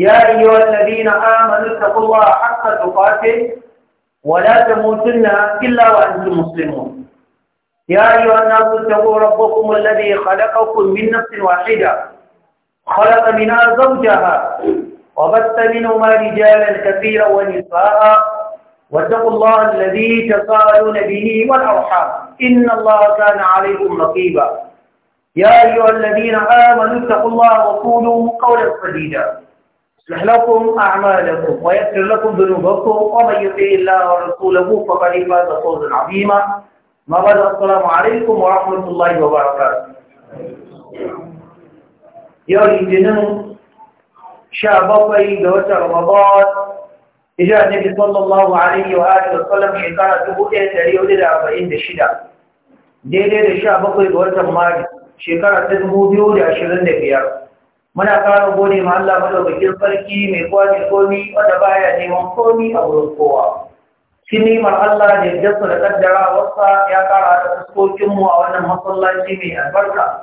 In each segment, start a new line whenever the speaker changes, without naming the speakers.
يا أيها الذين آمنوا اتقوا الله حق تقاته ولا تموتن إلا وأنتم مسلمون يا أيها الناس اتقوا ربكم الذي خلقكم من نفس واحدة خلق منها زوجها وبث منهما رجالا كثيرا ونساء واتقوا الله الذي تساءلون به والأرحام إن الله كان عليكم رقيبا يا أيها الذين آمنوا اتقوا الله وقولوا قولا سديدا يصلح لكم أعمالكم ويغفر لكم ذنوبكم ومن يطع الله ورسوله فقد فاز فوزا عظيما ما بعد السلام عليكم ورحمة الله وبركاته يوم الاثنين شعبقي دوت رمضان إجا النبي صلى الله عليه وآله وسلم شكرا تبوئة إيه تريد الأربعين دشدا ديدي دشابقي دوت رمضان شكرا تبوئة عشرين دبيار muna ƙara gode ma Allah madaukakin sarki mai kowa mai komi wanda baya neman komi a wurin kowa shi nimar Allah da yaddarsa da kaddara wasa ya ƙara da fuskokinmu a wannan masallaci mai albarka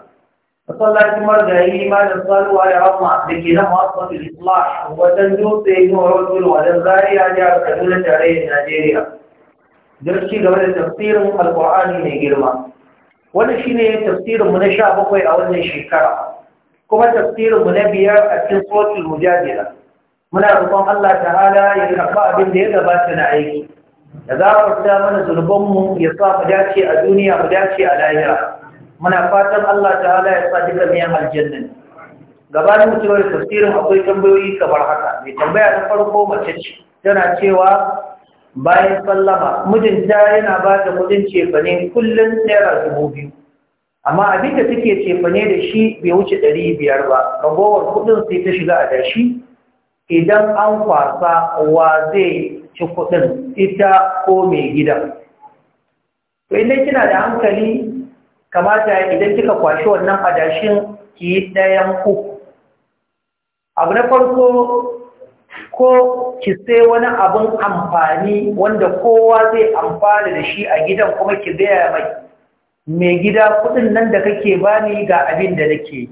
masallacin margayi da saluwa da rahma da ke nan masu islah wajen dutse yin rotul zariya zaria jihar kaduna tarayyar najeriya don game da tafsirin alkur'ani mai girma wannan shine tafsirinmu na sha bakwai a wannan shekara kuma tafsirin mu na biyar a cikin sotul mujadila muna roƙon Allah ta'ala ya karɓi abin da ya gabata na aiki da za ku ta mana zunubanmu mu ya sa mu dace a duniya mu dace a lahira muna fatan Allah ta'ala ya sa duka miyan aljanna gabanin mutuwar tafsirin akwai tambayoyi kamar haka mai tambaya na farko mace ce tana cewa bayan sallama mijinta yana ba da kudin cefane kullum naira dubu biyu amma abin da suke cefane da shi bai wuce ɗari biyar ba ragowar kuɗin sai ta shiga a dashi idan an kwasa wa zai ci kuɗin ita ko mai gida to idan kina da hankali kamata idan kika kwashi wannan adashin ki yi ɗayan uku abu na farko ko ki sai wani abin amfani wanda kowa zai amfana da shi a gidan kuma ki gaya mai mai gida kudin nan da kake bani ga abin da nake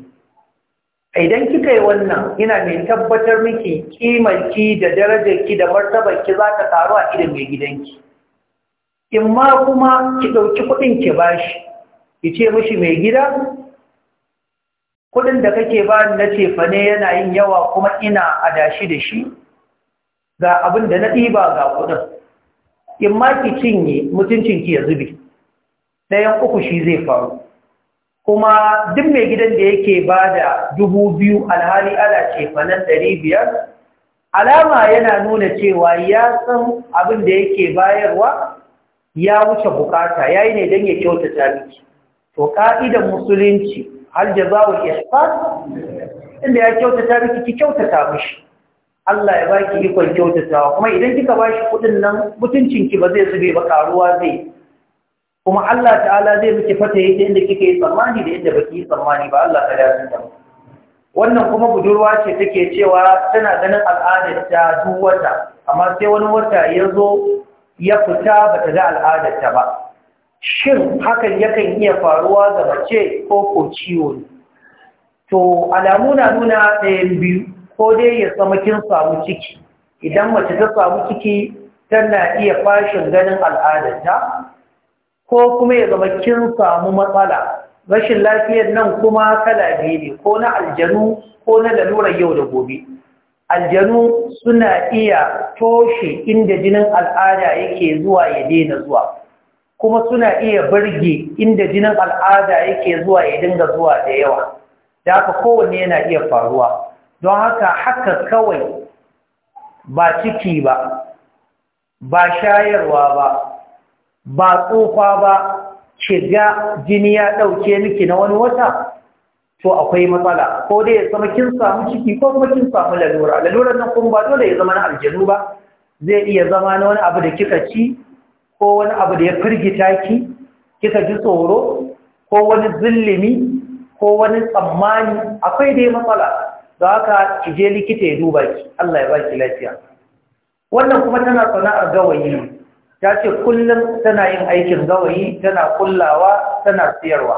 idan kika yi wannan ina mai tabbatar miki kimanki da darajar ki da martabarki za ta taru a idan mai gidanki in ma kuma ki ɗauki kudin ki bashi ki ce mishi mai gida kudin da kake bani na fa ne yana yin yawa kuma ina adashi da shi ga abin da na ɗiba ga kudin in ma ki cinye mutuncinki ya zube ɗayan uku shi zai faru kuma duk mai gidan da yake ba da dubu biyu alhali ala ce fanan ɗari biyar alama yana nuna cewa ya san abin da yake bayarwa ya wuce bukata ya yi ne don ya kyautata miki to ƙa'idan musulunci har jazawar ihsan inda ya kyautata miki ki kyautata mishi Allah ya baki ikon kyautatawa kuma idan kika ba shi kuɗin nan mutuncinki ba zai zube ba karuwa zai kuma Allah ta'ala zai miki fata yake inda kike tsammani da inda baki yi tsammani ba Allah ta dace da wannan kuma budurwa ce take cewa tana ganin al'adar ta duk wata amma sai wani wata ya zo ya fita bata ga al'adar ta ba shin hakan yakan iya faruwa ga mace ko ko ciwo to alamu na nuna ɗayan biyu ko dai ya sama kin samu ciki idan mace ta samu ciki tana iya fashin ganin ta? ko kuma ya zama kin samu matsala rashin lafiyar nan kuma kala biyu ne ko na aljanu ko na lalurar yau da gobe aljanu suna iya toshe inda jinin al'ada yake zuwa ya daina zuwa kuma suna iya burge inda jinin al'ada yake zuwa ya dinga zuwa da yawa da haka kowanne yana iya faruwa don haka haka kawai ba ciki ba ba shayarwa ba ba tsufa ba shiga jini ya ɗauke miki na wani wata to akwai matsala ko dai ya zama kin samu ciki ko kuma kin samu lalura Lalura nan kuma ba dole ya zama na aljanu ba zai iya zama na wani abu da kika ci ko wani abu da ya firgita ki kika ji tsoro ko wani zillimi ko wani tsammani akwai dai matsala da haka ki je likita ya duba ki Allah ya baki lafiya wannan kuma tana sana'ar gawayi ta ce kullum tana yin aikin gawayi tana kullawa tana siyarwa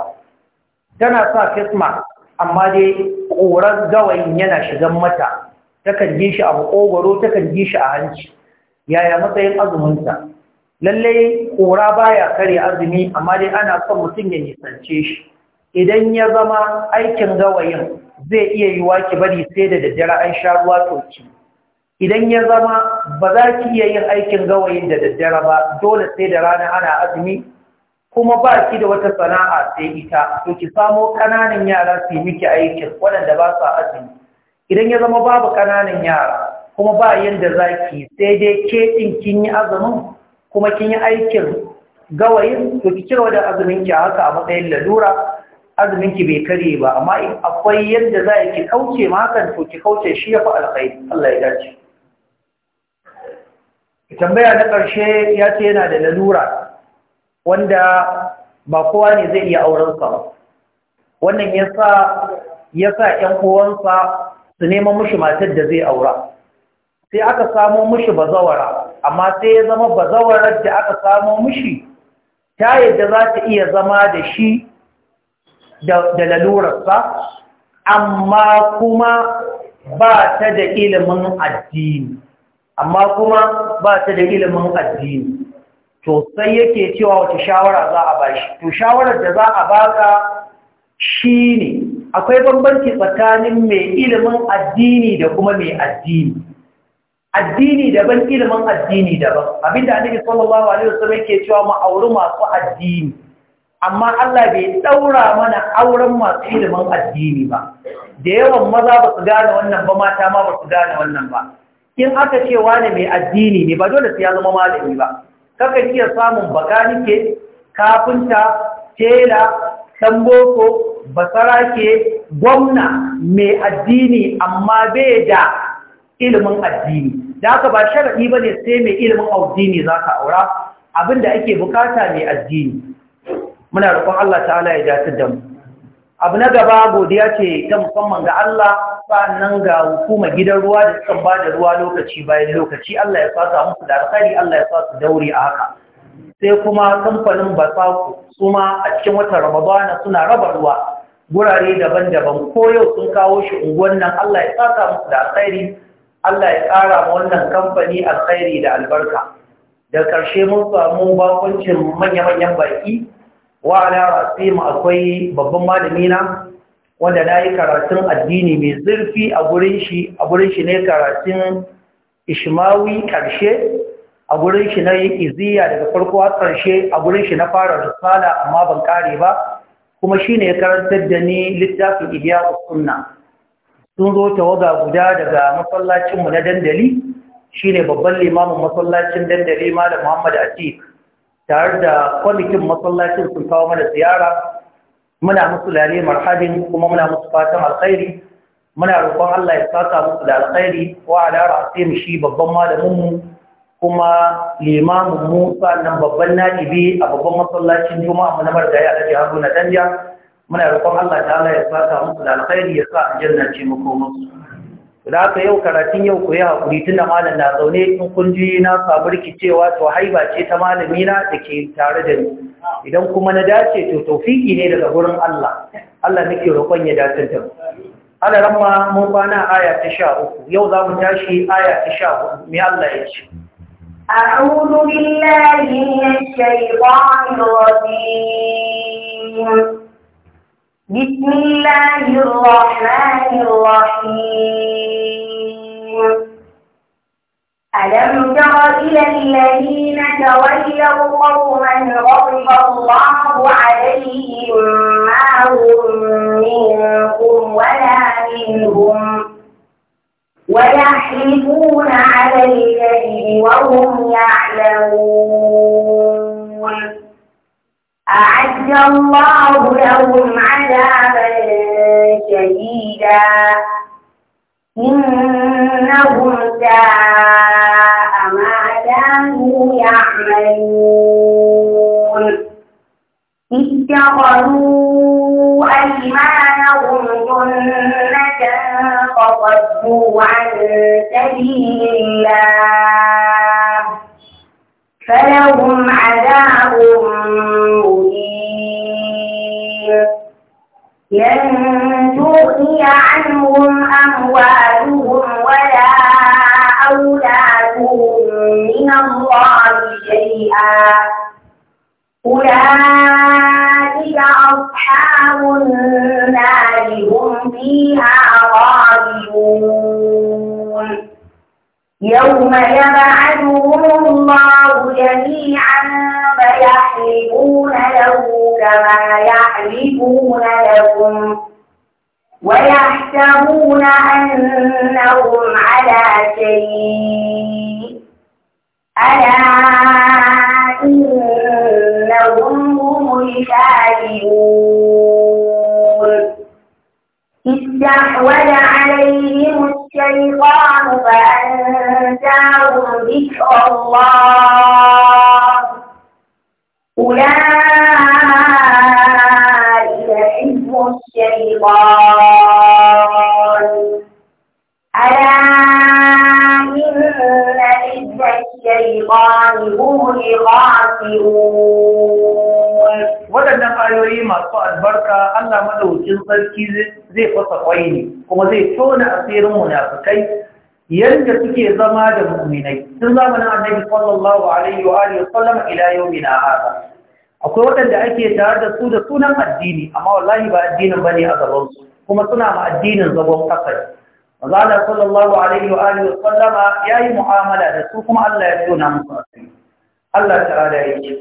tana sa kisma amma dai ƙoran gawayin yana shigan mata takan ji shi a makogoro takan ji shi a hanci yaya matsayin azuminsa lallai ƙora baya kare azumi amma dai ana son mutum ya nisance shi idan ya zama aikin gawayin zai iya yiwa ki bari sai da daddare an sha ruwa to ki. idan ya zama ba za ki iya yin aikin gawayin da daddare ba dole sai da rana ana azumi kuma ba ki da wata sana'a sai ita to ki samo kananan yara su yi miki aikin waɗanda ba sa azumi idan ya zama babu kananan yara kuma ba yanda za ki sai dai ke ɗin kin yi azumin kuma kin yi aikin gawayin to ki kira da azumin ki haka a matsayin lalura azumin ki bai karye ba amma akwai yadda za ki kauce ma hakan to ki kauce shi ya fi alkhairi Allah ya dace tambaya na ƙarshe ya ce yana da lalura wanda ba kowa ne zai iya aurensa ba wannan ya sa ‘yan kowansa su nema mushi matar da zai aura sai aka samo mushi bazawara amma sai ya zama bazawarar da aka samo mushi ta yadda za ta iya zama da shi da lalurarsa amma kuma ba ta da ilimin addini amma kuma ba ta da ilimin addini to sai yake cewa wace shawara za a bashi to shawarar da za a baka shine akwai bambanci tsakanin mai ilimin addini da kuma mai addini addini daban ilimin addini daban abinda annabi sallallahu alaihi wasallam yake cewa mu auri masu addini amma Allah bai daura mana auren masu ilimin addini ba da yawan maza ba su gane wannan ba mata ma ba su gane wannan ba in aka ce ne mai addini ne ba dole su ya zama malami ba kakan iya samun bakanike kafinta tela tamboko basara ke gwamna mai addini amma bai da ilimin addini da haka ba sharaɗi ba ne sai mai ilimin addini za ka aura abinda ake bukata mai addini muna rukun Allah ta'ala ya dace da mu abu na gaba godiya ce ta musamman ga Allah nan ga hukumar gidan ruwa da suka ba da ruwa lokaci bayan lokaci Allah ya fasa musu da alkhairi Allah ya fasa daure a haka sai kuma kamfanin basaku su ma a cikin watan ramadana suna raba ruwa gurare daban-daban ko yau sun kawo shi unguwan nan Allah ya fasa musu da alkhairi Allah ya kara ma wannan kamfani alkhairi da albarka da karshe mun samu bakuncin manya-manyan baki wa ala rasim akwai babban malami na wanda na yi karatun addini mai zurfi a gurin shi a gurin shi ne karatun ishmawi karshe a gurin shi na yi iziya daga farko har karshe a gurin shi na fara risala amma ban kare ba kuma shi ne karantar da ni littafin ihya sunna sun zo tawaga guda daga masallacinmu na dandali shine babban limamin masallacin dandali malam muhammad atik tare da kwamitin masallacin sun kawo mana ziyara muna musu lale marhabin kuma muna musu fatan alkhairi muna roƙon Allah ya saka musu da alkhairi wa ala mu shi babban malamin mu kuma limamin mu sannan babban na'ibi a babban masallacin juma'a mu na margaya Alhaji Haruna Danja muna roƙon Allah ta'ala ya saka musu da alkhairi ya sa aljanna ce
mu ko musu
da aka yau karatun yau ku yi haƙuri tun da malam na zaune in kun ji na samu rikicewa to haiba ce ta malami na da ke tare da ni idan kuma na dace to taufiki ne daga wurin Allah Allah nake roƙon ya dace da mu ana ramma mun kwana aya ta sha uku yau za mu tashi aya ta sha mai Allah ya ce
a'udhu billahi minash الشيطان rajim بسم الله الرحمن الرحيم ألم تر إلى الذين تولوا قوما غضب الله عليهم ما هم منكم ولا منهم ويحلفون على الكذب وهم يعلمون أعد الله لهم عذابا شديدا إنهم ساء ما كانوا يعملون اتخذوا أيمانهم جنة فصدوا عن سبيل الله فلهم عذاب مهين لن تغني عنهم أموالهم ولا أولادهم من الله شيئا أولئك أصحاب النار هم فيها غالبون يوم يبعثهم الله جميعا فيحلفون له كما يحلفون لكم ويحسبون أنهم على شيء ألا إنهم هم الكاذبون استحوذ عليهم الشيطان فأنزاهم ذكر الله أولئك حزب الشيطان ألا إن حزب
الشيطان هم الخاسرون waɗannan ayoyi masu albarka Allah madaukin sarki zai fasa kwai ne kuma zai tona asirin munafikai yanda suke zama da mu'minai tun zamanin annabi sallallahu alaihi wa alihi sallam ila yawmina hada akwai waɗanda ake tare da su da sunan addini amma wallahi ba addinin bane a gaban su kuma suna ma addinin zagon kasa manzo Allah sallallahu alaihi wa alihi sallama yayi mu'amala da su kuma Allah ya tona musu asiri Allah ta'ala yake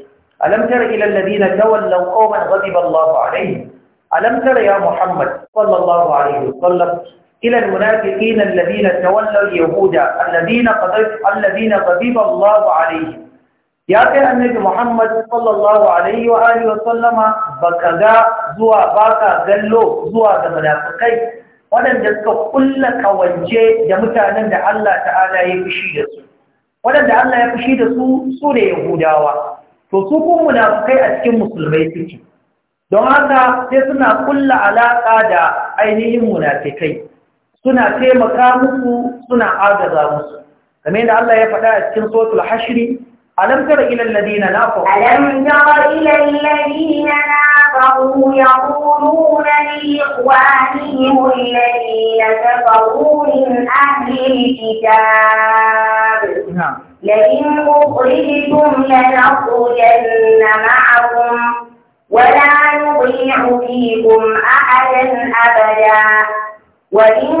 ألم تر إلى الذين تولوا قوما غضب الله عليهم ألم تر يا محمد صلى الله عليه وسلم إلى المنافقين الذين تولوا اليهود الذين غضب الذين غضب الله عليهم يا كان النبي محمد صلى الله عليه وآله وسلم بكذا زوا باكا قالوا زوا المنافقين waɗanda suka kulla kawance da mutanen da Allah ta'ala ya fushi da su waɗanda Allah ya fushi da su su ne Yahudawa to su kuma munafikai a cikin musulmai suke don haka sai suna kulla alaka da ainihin munafikai suna taimaka musu suna agaza musu kamar yadda Allah ya faɗa a cikin suratul hashri alam tara إلى الذين nafaqu alam tara
إلى الذين nafaqu yaquluna li ikhwanihim كفروا من أهل الكتاب نعم لئن أخرجتم لنخرجن معكم ولا نضيع فيكم أحدا أبدا وإن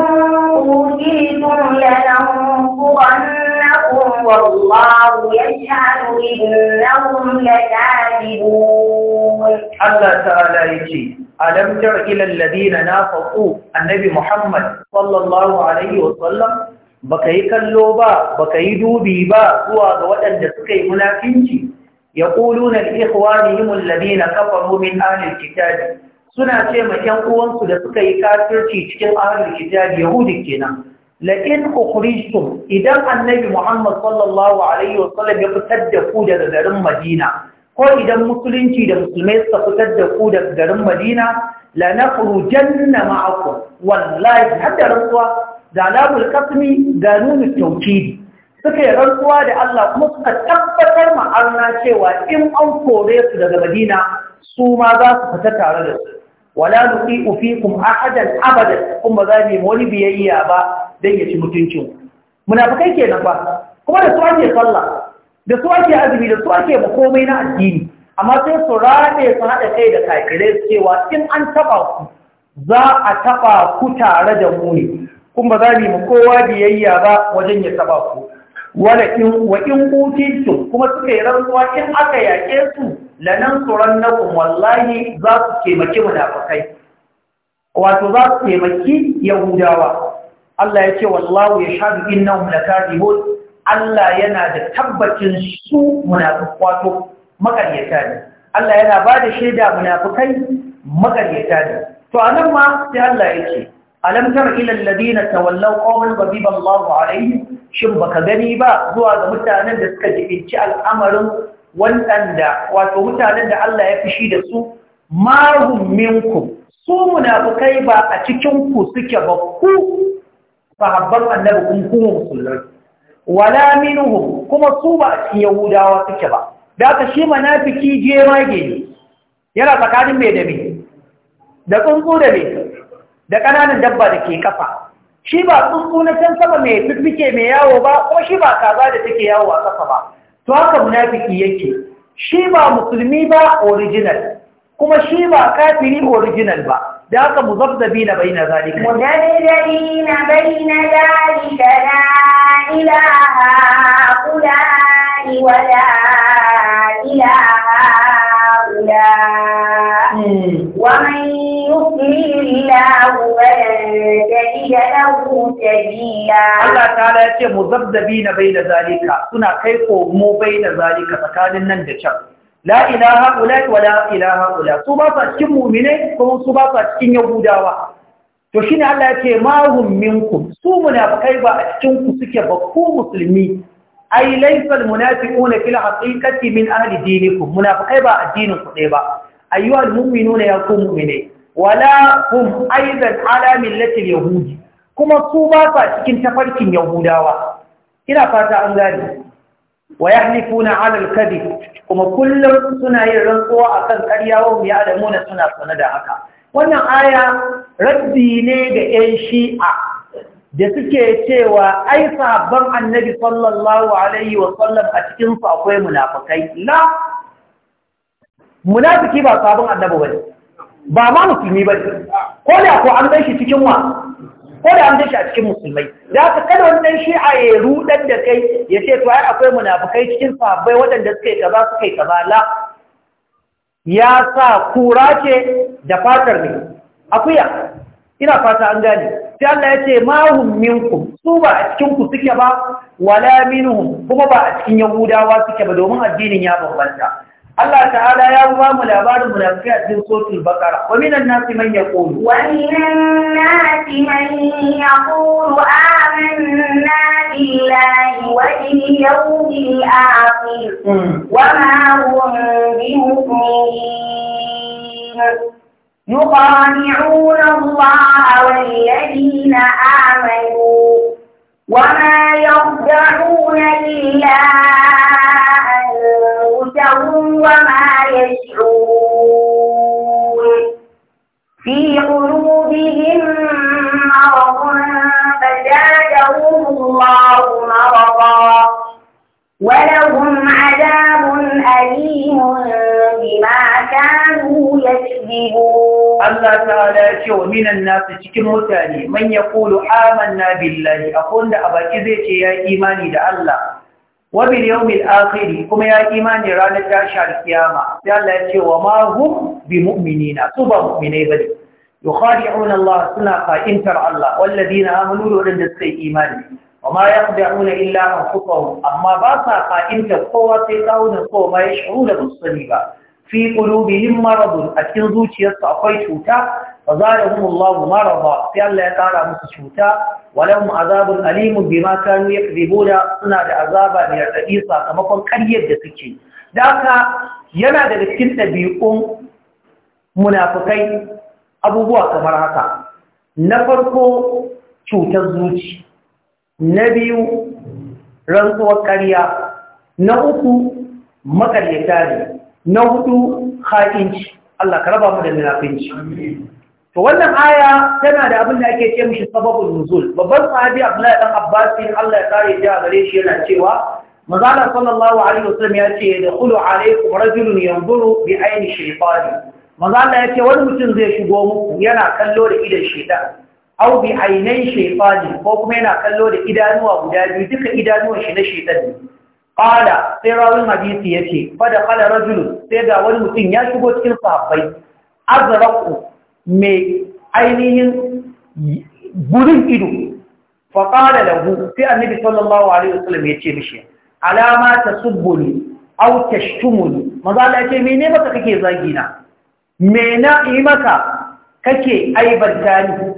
أوتيتم لننصرنكم والله يجعل إنهم لكاذبون
الله تعالى يجي ألم تر إلى الذين نافقوا النبي محمد صلى الله عليه وسلم ka yi kallo ba baka yi dubi ba zuwa ga waɗanda suka yi munafinci يقولون لإخوانهم الذين كفروا من أهل الكتاب suna ce ma ƴan uwansu da suka yi kafirci cikin ahalin kitabi yahudi kenan la in idan annabi Muhammad sallallahu alaihi wasallam ya fitar da ku daga garin Madina ko idan musulunci da musulmai suka fitar da ku daga garin Madina la Janna ma'akum wallahi hadda rantsuwa da alamul kasmi da tauhidi suka yi rantsuwa da Allah kuma suka tabbatar ma'arna cewa in an kore su daga Madina su ma za su fita tare da su wala nuqi'u fikum ahadan abadan kuma za mu wani biyayya ba dan ya ci mutuncin munafikai nan ba kuma da su ake sallah da su ake azumi da su ake komai na addini amma sai su rabe su haɗa kai da kafirai cewa in an taba ku za a taɓa ku tare da mu ne kuma za mu kowa biyayya ba wajen ya taba ku wala in wa in kuma suka yi rantsuwa in aka yake su lanan ku wallahi za su taimaki munafikai wato za su taimaki yahudawa Allah ya ce wallahu ya yashhadu innahum lakadibun Allah yana da tabbacin su munafiku wato makaryata ne Allah yana ba da shaida munafikai makaryata ne to anan ma sai Allah yake ce alam tara ila alladhina tawallaw qawman ghadiba Allahu alaihim shin baka gani ba zuwa ga mutanen da suka jibinci al'amarin wanda wato mutanen da Allah ya fishi da su ma hum minkum su munafukai ba a cikin ku suke ba ku sahabban annabi kun kuma musulmai wala minhum kuma su ba a cikin yahudawa suke ba da ka shi munafiki jemage ne yana tsakanin mai da mai da tsuntsu da mai da ƙananan dabba da ke ƙafa shi ba tsuntsu na can sama mai fiffike mai yawo ba kuma shi ba kaza da take yawo a ƙafa ba to haka munafiki yake shi ba musulmi ba original kuma shi ba kafiri original ba da haka na baina zalika mudabzabina baina zalika
la ilaha wala ilaha ce ومن zabzabi الله bai تجد له سبيلا الله
تعالى mu مذبذبين بين ذلك سنة كيف مو بين ذلك فكان wa لا إله su ولا إله cikin سباسة كم مؤمنين كم سباسة كم يهوداوا to shine Allah ya ma hum minkum su kai ba a cikin ku suke ba ku musulmi ai laifar munafiquna fil haqiqati min ahli dinikum munafiqai ba addinin ku ba ayyuhal mu'minuna ya ku mu'mine wala hum aidan ala millati yahudi kuma su ba sa cikin tafarkin yahudawa ina fata an gane wa yahlifuna ala kuma kullum suna yin rantsuwa akan ƙarya wa ya da suna sanar da haka wannan aya raddi ne ga 'yan shi'a da suke cewa ai sabon annabi sallallahu alaihi sallam a cikinsu akwai munafikai la munafiki ba sabon annabi bane ba ma musulmi bane ko da ko an gaishe cikin wa ko da an gaishe a cikin musulmai da ka kada wannan shi'a ya rudan da kai ya ce to ai akwai munafikai cikin sahabbai waɗanda suke kaza suke kaza la ya sa kura ce da fatar ne akuya ina fata an gane sai Allah ya ce mahum minkum su ba a cikin ku suke ba wala minhum kuma ba a cikin yahudawa suke ba domin addinin ya bambanta Allah ta'ala ya ba mu labarin munafiki a cikin suratul baqara wa minan nasi man yaqulu wa
minan nasi man yaqulu amanna billahi wa bil yawmil akhir hmm. wa ma hum mu'minin يخادعون الله والذين آمنوا وما يخدعون إلا أنفسهم وما يشعرون في قلوبهم مرض فزادهم الله مرضا
ولهم
عذاب أليم بما كانوا
يكذبون الله تعالى يقول ومن الناس cikin mutane man Kulu, amanna billahi akon da abaki zai ce ya imani da Allah wa bil yawmil akhir kuma ya imani ranar tashi da sai Allah ya ce wa ma hum bi mu'minina su ba mu'minai bane yukhadi'una Allah suna fa'intar Allah wal ladina amanu wa ladina suka imani amma ya kuma da nuna illa a kufawun amma basa sa kowa sai tsawunan kowa ya shuru da musulmi ba fi ƙulubi yin marabun a cikin zuciyarsa akwai cuta ba za da hun Allah mara ba sai ya kara musu cuta walau mu azabun alimun bi kanu ya boda suna da azaba mai raɗaɗi sakamakon ƙaryar da suke daga yana da cikin ɗabi'un munafukai abubuwa kamar haka na farko cutar zuci. na biyu rantsuwar ƙarya na uku makaryata ne na hudu ha'inci Allah ka raba mu da munafinci to wannan aya tana da abin da ake ce mishi sababul nuzul babban sahabi Abdullahi dan Abbas Allah ya kare da a gare shi yana cewa manzala sallallahu alaihi wasallam ya ce yadkhulu alaikum rajulun yanzuru bi ayni shaytani manzala ya ce wani mutum zai shigo muku yana kallo da idan shaytan au bi ainihin shaytani ko kuma yana kallo da idanuwa guda biyu duka idanuwan shi na shaytan ne qala sai rawin hadisi yace fa da qala rajul sai ga wani mutum ya shigo cikin sahabbai azraqu mai ainihin gurin ido fa qala lahu sai annabi sallallahu alaihi wasallam yace mishi alama tasubbuni au tashtumuni maza Allah yace ne maka kake zagina me na yi maka kake aibanta ni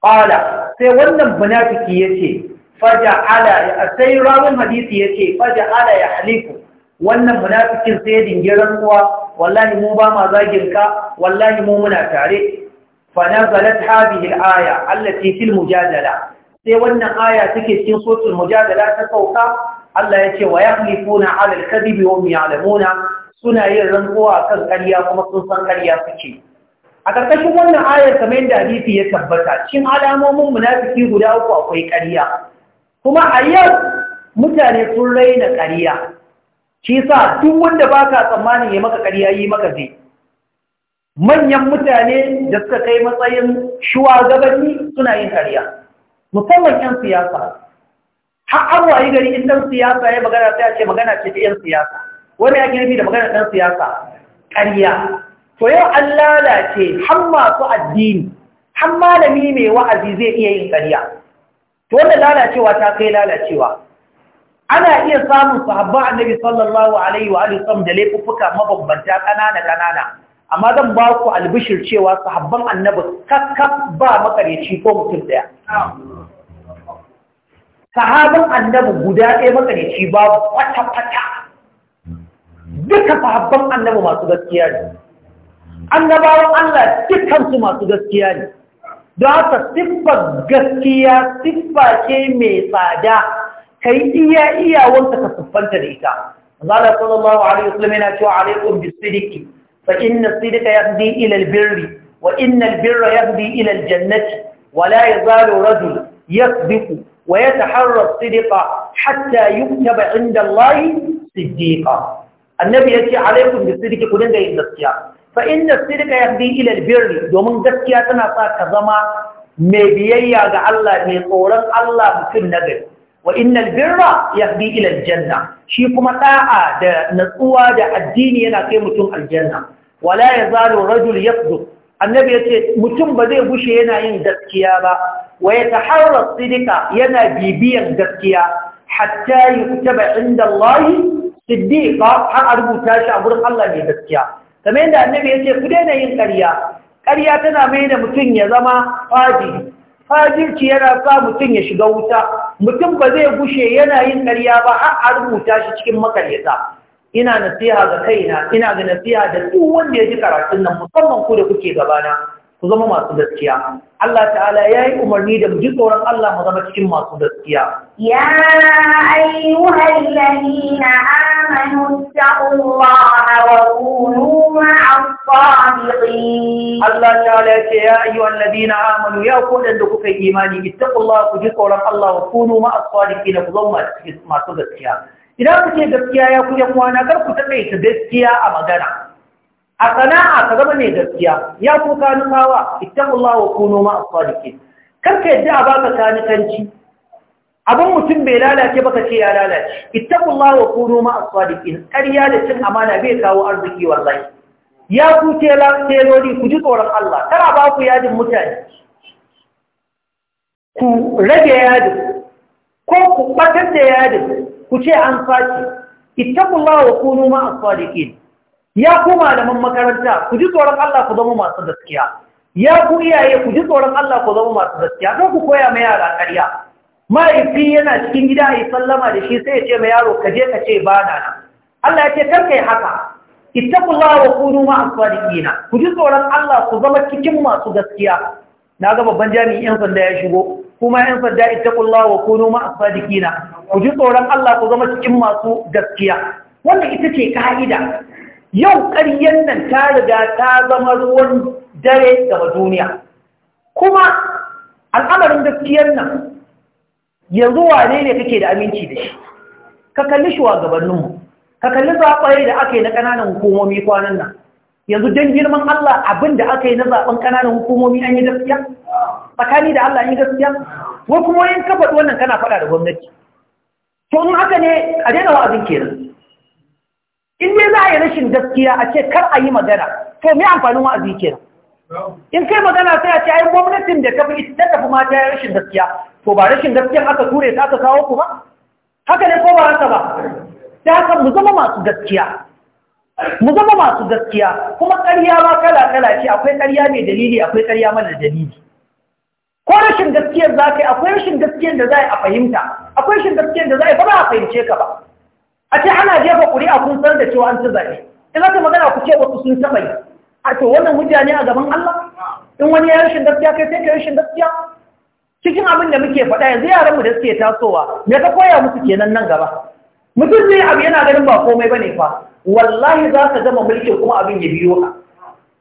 Ƙala, sai wannan munafiki ya ce, Faja ya sai ramin hadisi ya ce, Faja ala ya haliku, wannan munafikin sai ya dinge rantsuwa, wallahi mu ba ma zagin wallahi mu muna tare. Fanazalat habihi al-aya allati fil mujadala. Sai wannan aya take cikin sotul mujadala ta sauka, Allah ya ce wa yahlifuna ala al-kadhibi wa hum ya'lamuna suna yin rantsuwa kan ƙarya kuma sun san ƙarya suke. a ƙarƙashin wannan ayar kamar yadda hadisi ya tabbata cin alamomin munafiki guda uku akwai ƙarya kuma a yau mutane sun raina ƙarya shi sa duk wanda ba ka tsammanin ya maka ƙarya yi maka zai manyan mutane da suka kai matsayin shugabanni suna yin ƙarya musamman 'yan siyasa har an wayi gari in ɗan siyasa ya magana sai a ce magana ce ta 'yan siyasa wani ya nufi da magana ɗan siyasa ƙarya to yau an lalace har masu addini har malami mai wa'azi zai iya yin ƙarya to wanda lalacewa ta kai lalacewa ana iya samun sahabban annabi sallallahu alaihi wa alihi da laifuka, mabambanta ƙanana-ƙanana, amma zan ba ku albishir cewa sahabban annabi kakkaf ba makareci ko mutum ɗaya. sahabban annabi guda ɗaya makareci babu kwata-kwata duka sahabban annabi masu gaskiya ne annabawan Allah dukkansu masu gaskiya ne don haka siffar gaskiya siffa ce mai tsada ka yi iya iyawanka ka siffanta da ita zala sallallahu alaihi wasallam yana cewa alaikum bisidiki fa inna sidika yahdi ila albirri wa inna albirra yahdi ila aljannati wa la yazalu rajul yasbiqu wa yataharra as hatta yuktaba inda Allah siddiqa annabi yace alaikum bisidiki ku dinga yin gaskiya fa inna sidqa yahdi ila albirr domin gaskiya tana sa ka zama mai biyayya ga Allah mai tsoron Allah mutum nagari wa innal birra yahdi ila aljanna shi kuma da'a da natsuwa da addini yana kai mutum aljanna wala yazalu rajul yasduq annabi yace mutum ba zai gushe yana yin gaskiya ba wa yataharra sidqa yana bibiyar gaskiya hatta yuktaba inda Allah siddiqa har a rubuta shi a gurin Allah mai gaskiya kamar yadda annabi ya ce ku daina yin ƙarya ƙarya tana mai da mutum ya zama faji fajirci yana sa mutum ya shiga wuta mutum ba zai gushe yana yin ƙarya ba har a rubuta shi cikin makaryata ina nasiha ga kaina ina ga nasiha da duk wanda ya ji karatun nan musamman ku da kuke gabana ku zama masu gaskiya Allah ta'ala ya yi umarni da mu ji tsoron Allah mu zama cikin masu gaskiya
ya ayyuhal amanu taqullaha wa kunu
ma'as-sabiqin Allah ta'ala ya ce ya ayyuhal ladina amanu ya ku da kuka yi imani ittaqullaha ku ji tsoron Allah wa kunu ma'as-sabiqin ku zama masu gaskiya idan ku ce gaskiya ya ku yan kar ku taɓa gaskiya a magana a sana'a ka zama ne gaskiya ya ku ita Allah wa kunu ma as kar yadda a baka kanci. abin mutum bai lalace baka ce ya lalace Allah wa kunu ma as ƙarya da cin amana bai kawo arziki wallahi ya ku tela teloli ku ji tsoron Allah kar a ba ku yadin mutane ku rage yadin. ko ku ɓatar da yadin, ku ce an Ita Allah wa kunu ma as ya ku malaman makaranta ku ji tsoron Allah ku zama masu gaskiya ya ku iyaye ku ji tsoron Allah ku zama masu gaskiya don ku koya ma yara ƙarya mahaifi yana cikin gida a yi sallama da shi sai ya ce ma yaro kaje je ka ce ba na nan Allah ya ce kar ka yi haka ittaqullaha wa kunu ma sadiqina ku ji tsoron Allah ku zama cikin masu gaskiya na ga babban jami'in yan sanda ya shigo kuma yan sanda ittaqullaha wa kunu ma sadiqina ku ji tsoron Allah ku zama cikin masu gaskiya wannan ita ce ka'ida yau ƙaryen nan ta riga ta zama ruwan dare daga duniya kuma al'amarin gaskiyar nan yanzu wane ne kake da aminci da shi ka kalli gabaninmu ka kalli zaɓaye da aka yi na ƙananan hukumomi kwanan nan yanzu don girman Allah abin da aka yi na zaɓen ƙananan hukumomi an yi gaskiya tsakani da Allah an yi gaskiya ko kuma yin kafa wannan kana faɗa da gwamnati to in haka ne a daina wa'azin kenan in me za a yi rashin gaskiya a ce kar a yi magana to mai amfanin wa'azi kenan in kai magana sai a ce ai gwamnatin da ta fi ta tafi mata ya yi rashin gaskiya to ba rashin gaskiya aka ture ta aka kawo ku ba haka ne ko ba haka ba ta haka mu zama masu gaskiya mu zama masu gaskiya kuma ƙarya ma kala kala ce akwai ƙarya mai dalili akwai ƙarya mana dalili ko rashin gaskiyar za ka yi akwai rashin gaskiyar da za a fahimta akwai rashin gaskiyar da za a yi ba za a fahimce ka ba a ce ana jefa ƙuri'a kun san da cewa an ci zaɓe in aka magana ku ce wasu sun taɓa yi a to wannan hujja a gaban Allah in wani ya rashin gaskiya kai sai ka rashin gaskiya cikin abin da muke faɗa yanzu yaran mu da suke tasowa me ka koya musu kenan nan gaba mutum zai abu yana ganin ba komai bane fa wallahi za ka zama mulkin kuma abin ya biyo ka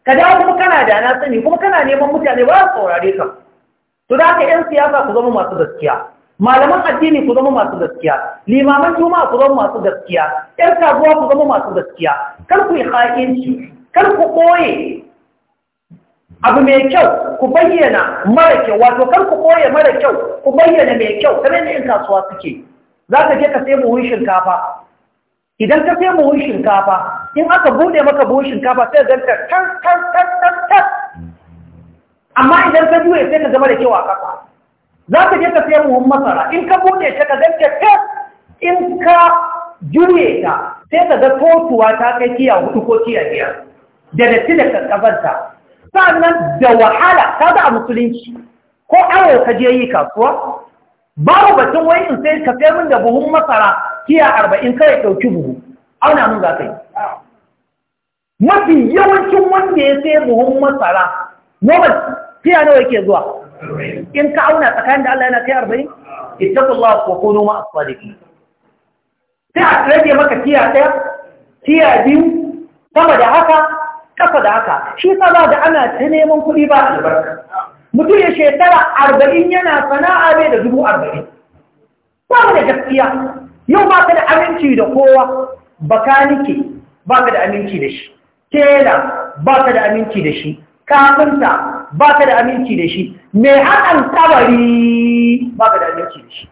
ka dawo kuma kana da na sani kuma kana neman mutane ba su saurare ka to da haka yan siyasa ku zama masu gaskiya malaman addini ku zama masu gaskiya limaman juma'a ku zama masu gaskiya ƴan kasuwa ku zama masu gaskiya kar ku yi ha'inci kar ku ɓoye abu mai kyau ku bayyana mara kyau wato kar ku ɓoye mara kyau ku bayyana mai kyau kamar ne ƴan kasuwa suke za ka je ka sai buhun shinkafa idan ka sai buhun shinkafa in aka buɗe maka buhun shinkafa sai ganta tar tar tar tar amma idan ka juye sai ka zama da kyau a ƙasa za ka je ka sai muhun masara in ka bude ta ka zance fes in ka jure ta sai ka ga totuwa ta kai kiya hudu ko kiya biyar da datti da kakkabarta sannan da wahala ta ga a musulunci ko awo ka je yi kasuwa babu batun wai in sai ka sayar mun da buhun masara kiya arba'in kawai ɗauki buhu auna mun za ka yi mafi yawancin wanda ya sai buhun masara noman kiya nawa yake zuwa in ka auna tsakanin da Allah yana kai arba'in ittaqullah wa kunu ma as-sadiqin sai a rage maka tiya ɗaya tiya biyu sama da haka kafa da haka shi sa da ana ta neman kuɗi ba albarka mutum ya shekara arba'in yana sana'a bai da dubu arba'in ba da gaskiya yau ba ka da aminci da kowa bakanike ba ka da aminci da shi tela ba ka da aminci da shi kafinta ba ka da aminci da shi mai hakan kabari ba ka da aminci da shi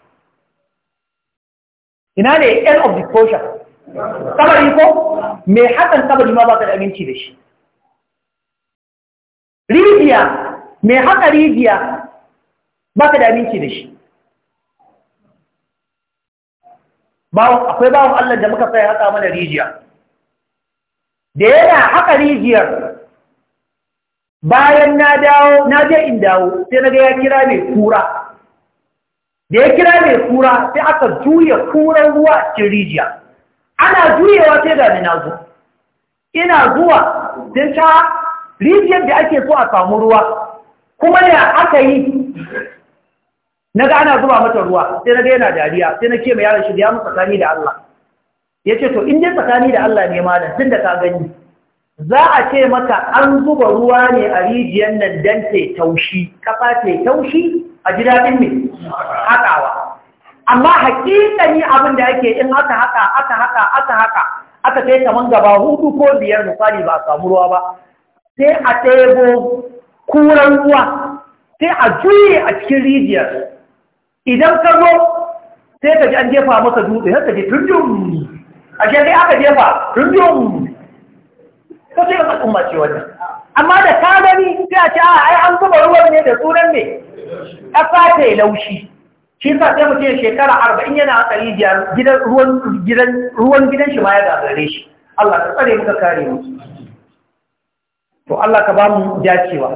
ina ne end of the disclosure kabari ko mai hakan kabari ma ba ka da aminci da shi rijiya mai haka rijiya ba ka da aminci da shi akwai bawon Allah da muka sai haka mana rijiya da yana haƙa rijiyar bayan na dawo na je in dawo sai na ya kira mai kura da ya kira mai kura sai aka juya kuran ruwa a cikin rijiya ana juyewa sai ga na zo ina zuwa sai ta rijiyar da ake so a samu ruwa kuma da aka yi na ana zuba mata ruwa sai na yana dariya sai na ce mai yaron shi ya mu tsakani da Allah ya ce to in dai tsakani da Allah ne malam tun da ka gani za a ce maka an zuba ruwa ne a rijiyar nan don ta taushi kafa ta taushi a ji daɗin ne haƙawa amma haƙiƙani abin da ake in aka haƙa aka haƙa aka haƙa aka kai kaman gaba hudu ko biyar misali ba a samu ruwa ba sai a ɗebo kuran ruwa sai a juye a cikin rijiyar idan ka zo sai ka ji an jefa masa dutse sai ka ji tundum a sai aka jefa tundum ko sai al'umma mace wannan amma da ka gani sai a ce a ah, ai an zuba ruwan ne da sunan ne ƙasa ta yi laushi shi sa sai mu ce shekara arba'in yana a tsari gidan ruwan gidan shi ma ya gagare shi Allah ka tsare muka kare mu to Allah ka ba mu dacewa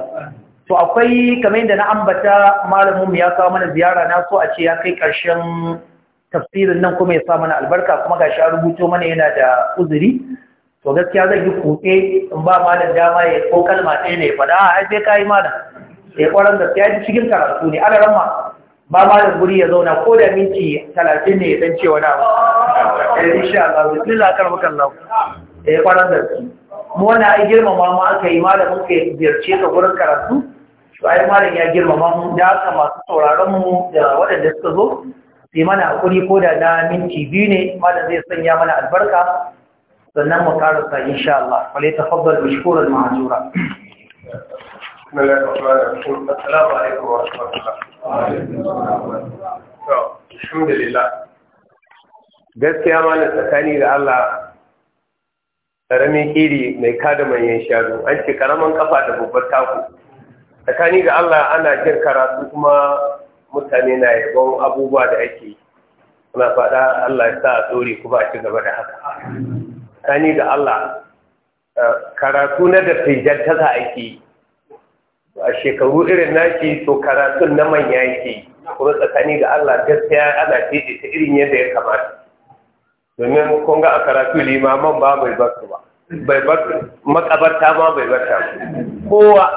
to akwai kamar yadda na ambata malamin mu ya kawo mana ziyara na so a ce ya kai ƙarshen tafsirin nan kuma ya sa mana albarka kuma gashi a rubuto mana yana da uzuri to gaskiya zai yi kuɗe in ba malam dama ya ko kalma ɗaya ne faɗa a haife ka yi malam sai eh, ƙwarar gaskiya ji cikin karatu ne ana ramma ba malam guri ya zauna ko da minti talatin ne ya san cewa na ba eh, a Allah bismillah kar maka Allah ya eh, ƙwarar su mu wannan ai girmama mu aka yi malamin ka ziyarce ka gurin karatu to ai malam ya girmama mu da aka masu sauraron mu da waɗanda suka zo sai mana hakuri ko da na minti biyu ne malam zai sanya mana albarka sannan mu karasa insha Allah wale tafaddal mashkuran ma'jura
Assalamu alaikum wa rahmatullah. Alhamdulillah. Gaskiya ma tsakani da Allah ƙaramin iri mai kada manyan shanu, an ce ƙaramin kafa da babbar taku. Tsakani da Allah ana jin karatu kuma mutane na yabon abubuwa da ake. Muna faɗa Allah ya sa a tsore kuma a ci gaba da haka. tsani da Allah eh, karatu na da tijar ta za ke a shekaru irin naki to karatun na manya ke kuma tsakani da Allah gaskiya ana tiɗe ta irin yadda ya kamata domin kun ga a karatu limaman ba bai basu ba bai makabarta ma bai bata kowa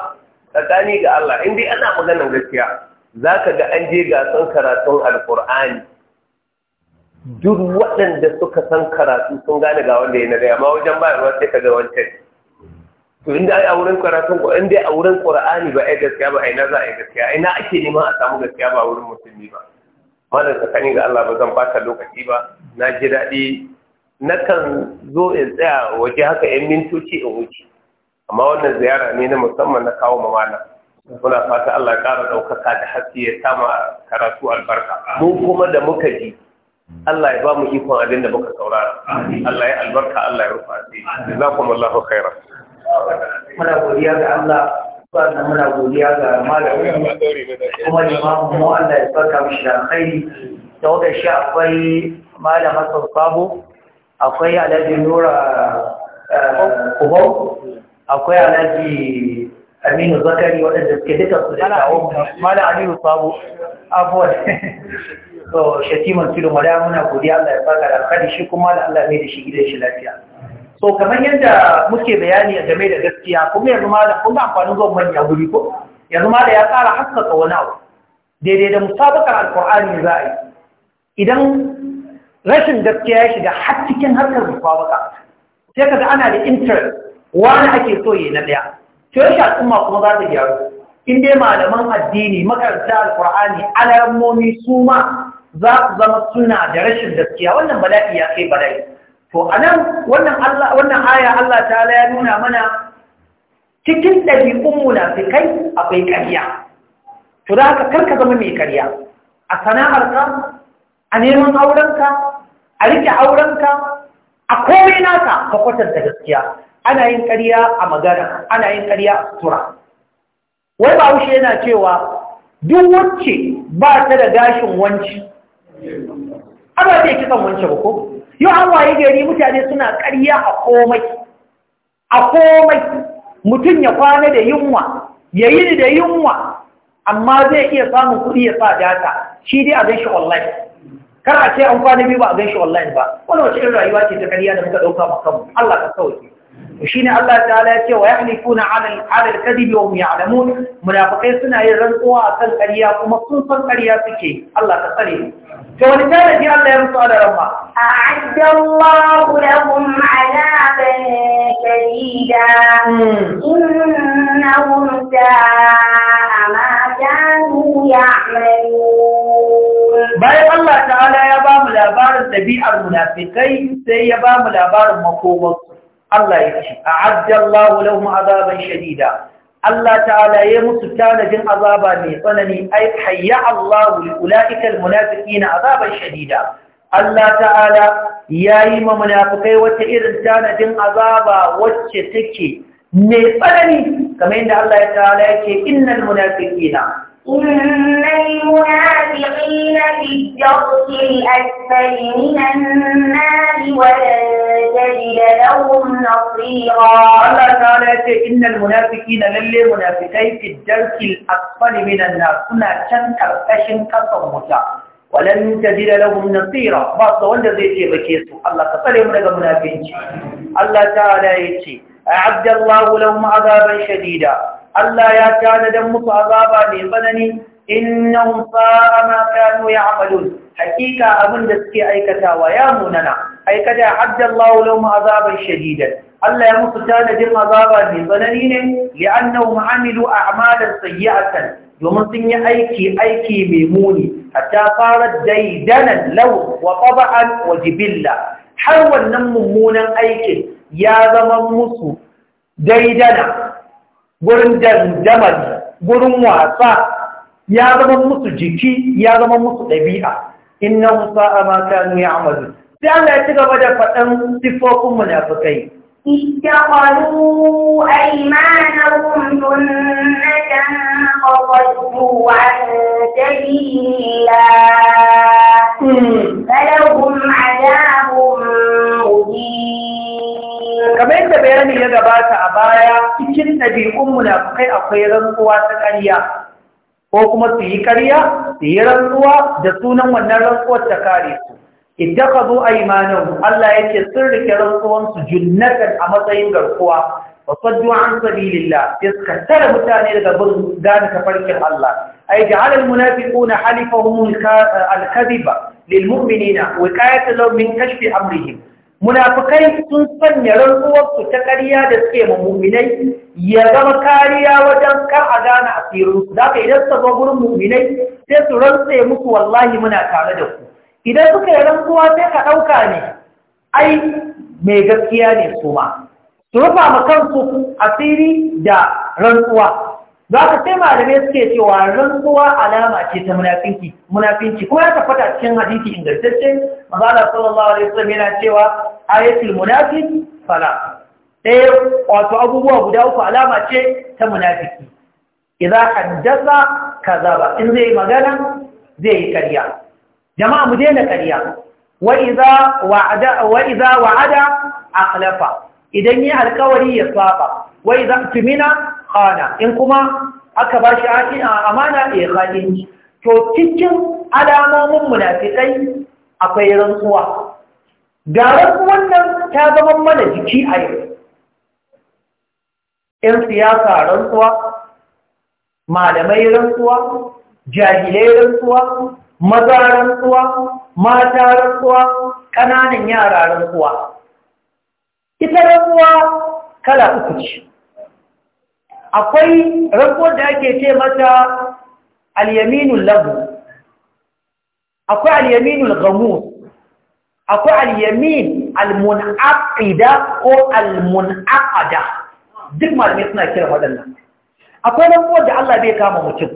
tsakani da Allah in dai ana maganar gaskiya za ka ga an je gasan karatun alkur'ani duk waɗanda suka san karatu sun gane ga wanda ya nare amma wajen bayarwa sai ka ga wancan to inda ai a wurin karatun ko inda a wurin qur'ani ba ai gaskiya ba ai na za ai gaskiya ai na ake nema a samu gaskiya ba wurin musulmi ba malam tsakani ga Allah ba zan baka lokaci ba na ji daɗi kan zo in tsaya waje haka yan mintoci in wuce amma wannan ziyara ne na musamman na kawo ma malam muna fata Allah ya ƙara ɗaukaka da haske ya sama karatu albarka mu kuma da muka ji Allah ya ba mu ikon abin da muka saurara Allah ya albarka Allah ya rufa asiri jazakumullahu khairan muna godiya ga Allah
sannan muna godiya ga malamin kuma limamin mu Allah ya saka mu shi alkhairi da wanda shi akwai malama sabo akwai alhaji nura eh, kubau akwai alhaji aminu zakari waɗanda suke duka su da kawo mala aminu sabo abuwa so shatiman ma da muna godiya Allah ya saka da alkhari shi kuma da Allah mai da shi gidan shi lafiya so kamar yadda muke bayani a game da gaskiya kuma yanzu ma da kuma amfanin zuwa manya guri ko yanzu ma da ya tsara haskaka wani abu daidai da musabakar alkur'ani za a yi idan rashin gaskiya ya shiga har cikin harkar musabaka sai kaga ana da interest wani ake so yi na ɗaya to al'umma kuma za ta gyaru in dai malaman addini makaranta alqur'ani alarmomi su ma za su zama suna da rashin gaskiya wannan bala'i ya kai bala'i to a nan wannan aya Allah ta'ala ya nuna mana cikin ɗabi'un munafikai akwai ƙarya to da haka karka zama mai ƙarya a sana'arka a neman aurenka a rike aurenka a naka ka kwatanta gaskiya ana yin ƙarya a magana ana yin ƙarya a sutura wai ba wuce yana cewa duk wacce ba ta da gashin wanci Ana ce kisan wance ba ko yau an waye gari mutane suna ƙarya a komai a komai mutum ya kwana da yunwa ya yi da yunwa amma zai iya samun kuɗi ya sa data shi dai a zai shi online kar a ce an kwana biyu ba a gan shi online ba wani wace irin rayuwa ce ta kariya da muka ɗauka ma kanmu Allah ka sauke shi ne Allah ta'ala ya ce wa yahlifuna 'ala al-kadhibi wa hum ya'lamun munafiqai suna yin rantsuwa akan ƙarya kuma sun san ƙarya suke Allah ka tsare to wani tarihi Allah ya rantsu da ramma
a'adda Allah lahum 'adaban shadida innahum sa'a ma kanu ya'malun bayan Allah ta'ala
ya ba mu labarin ɗabi'ar munafikai sai ya ba mu labarin makomarsu Allah ya ce a ajjallahu lahum azaban shadida Allah ta'ala ya musu tanadin azaba mai tsanani ai hayya Allah li ulaika azaban shadida Allah ta'ala yayi ma munafikai wata irin tanadin azaba wacce take mai tsanani kamar yadda Allah ta'ala yake innal munafiqina
إن المنافقين في الدرك الأسفل من النار ولن
تجد لهم نصيرا الله تعالى إن المنافقين للي منافقين في الدرك الأسفل من النار كنا شنكر فشن كسر متع ولن تجد لهم نصيرا ما تولد ذي بكيسو الله تصلي من المنافقين الله تعالى يتشي أعد الله لهم عذابا شديدا ألا يا كان دمك عذابا لبنني إنهم ساء ما كانوا يعملون حقيقة أبن دسكي أيكتا وياموننا أيكتا عد الله لهم عذابا شديدا ألا يمس كان دم عذابا لبنني لأنهم عملوا أعمالا سيئة domin sun yi aiki aiki mai muni hatta fara daidanan lau wa taba'an wa jibilla har wannan mummunan aikin ya zama musu daidana gurin dandamar gurin wasa ya zama musu jiki ya zama musu ɗabi'a inna musa a mata ne a mazu sai Allah ya ci gaba da faɗan sifofin munafukai اتخذوا أيمانهم
جنة فصدوا عن سبيل الله فلهم عذاب
مهين kamar yadda bayani ya gabata a baya cikin na kai akwai rantsuwa ta ƙarya ko kuma su yi ƙarya su yi rantsuwa da sunan wannan rantsuwar ta kare su a aymanahum Allah yake sun rike rantsuwan su junnatan a matsayin garkuwa wa saddu an sabilillah ya tare mutane daga bin gane tafarkin Allah ay ja'ala almunafiquna halifahum alkadhiba lilmu'minina wiqayatan lahum min kashfi amrihim munafikai sun sanya rantsuwarsu ta ƙarya da suke mummunai ya zama kariya wajen kar a gane asirinsu Za ka idan su gurin mummunai sai su rantse musu wallahi muna tare da ku idan suka yi rantsuwa sai ka ɗauka ne ai mai gaskiya ne su ma su rufa ma kansu asiri da rantsuwa za ka sai malamai suke cewa rantsuwa alama ce ta munafinci kuma ya tabbata cikin hadisi ingantacce mazala sallallahu alaihi wasallam yana cewa ayatul munafiq fala ɗaya wato abubuwa guda uku alama ce ta munafiki idan haddasa kazaba in zai magana zai yi ƙarya jama'a mu daina ƙarya wa idza wa'ada wa idza wa'ada akhlafa idan yi alkawari ya saba wa idza tumina khana in kuma aka bashi amana ya khani to cikin alamomin munafikai akwai rantsuwa da rantsuwan nan ta zama mana jiki a yau ‘yan siyasa rantsuwa malamai rantsuwa jahilai rantsuwa maza rantsuwa mata rantsuwa ƙananan yara rantsuwa ita rantsuwa kala uku ce akwai rantsuwar da ake ce mata alyaminun lagu akwai al-yaminul ghamus akwai al-yamin ko al duk malamai suna kira waɗannan akwai rantsuwar da Allah zai kama mutum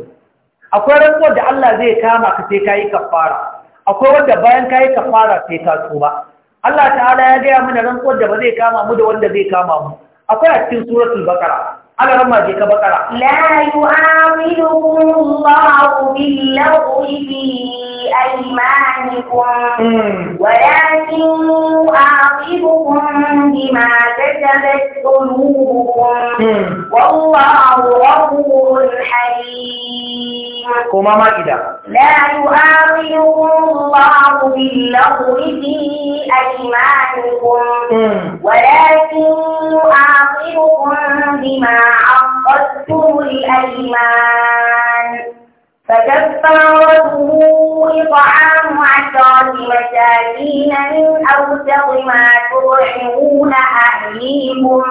akwai rantsuwar da Allah zai kama ka sai kayi kafara akwai wanda bayan kayi kafara sai ka tuba Allah ta'ala ya gaya mana rantsuwar da ba zai kama mu da wanda zai kama mu akwai a cikin suratul baqara ana rama je ka baqara la
yu'amilukum Allahu bil-lagwi بأيمانكم ولكن يعاقبكم بما كسبت قلوبكم والله غفور حليم لا يؤاخذكم الله باللغو في أيمانكم ولكن يؤاخذكم بما عقدتم الأيمان فكفارته إطعام عشرة مساكين من أوسط ما تطعمون أهليكم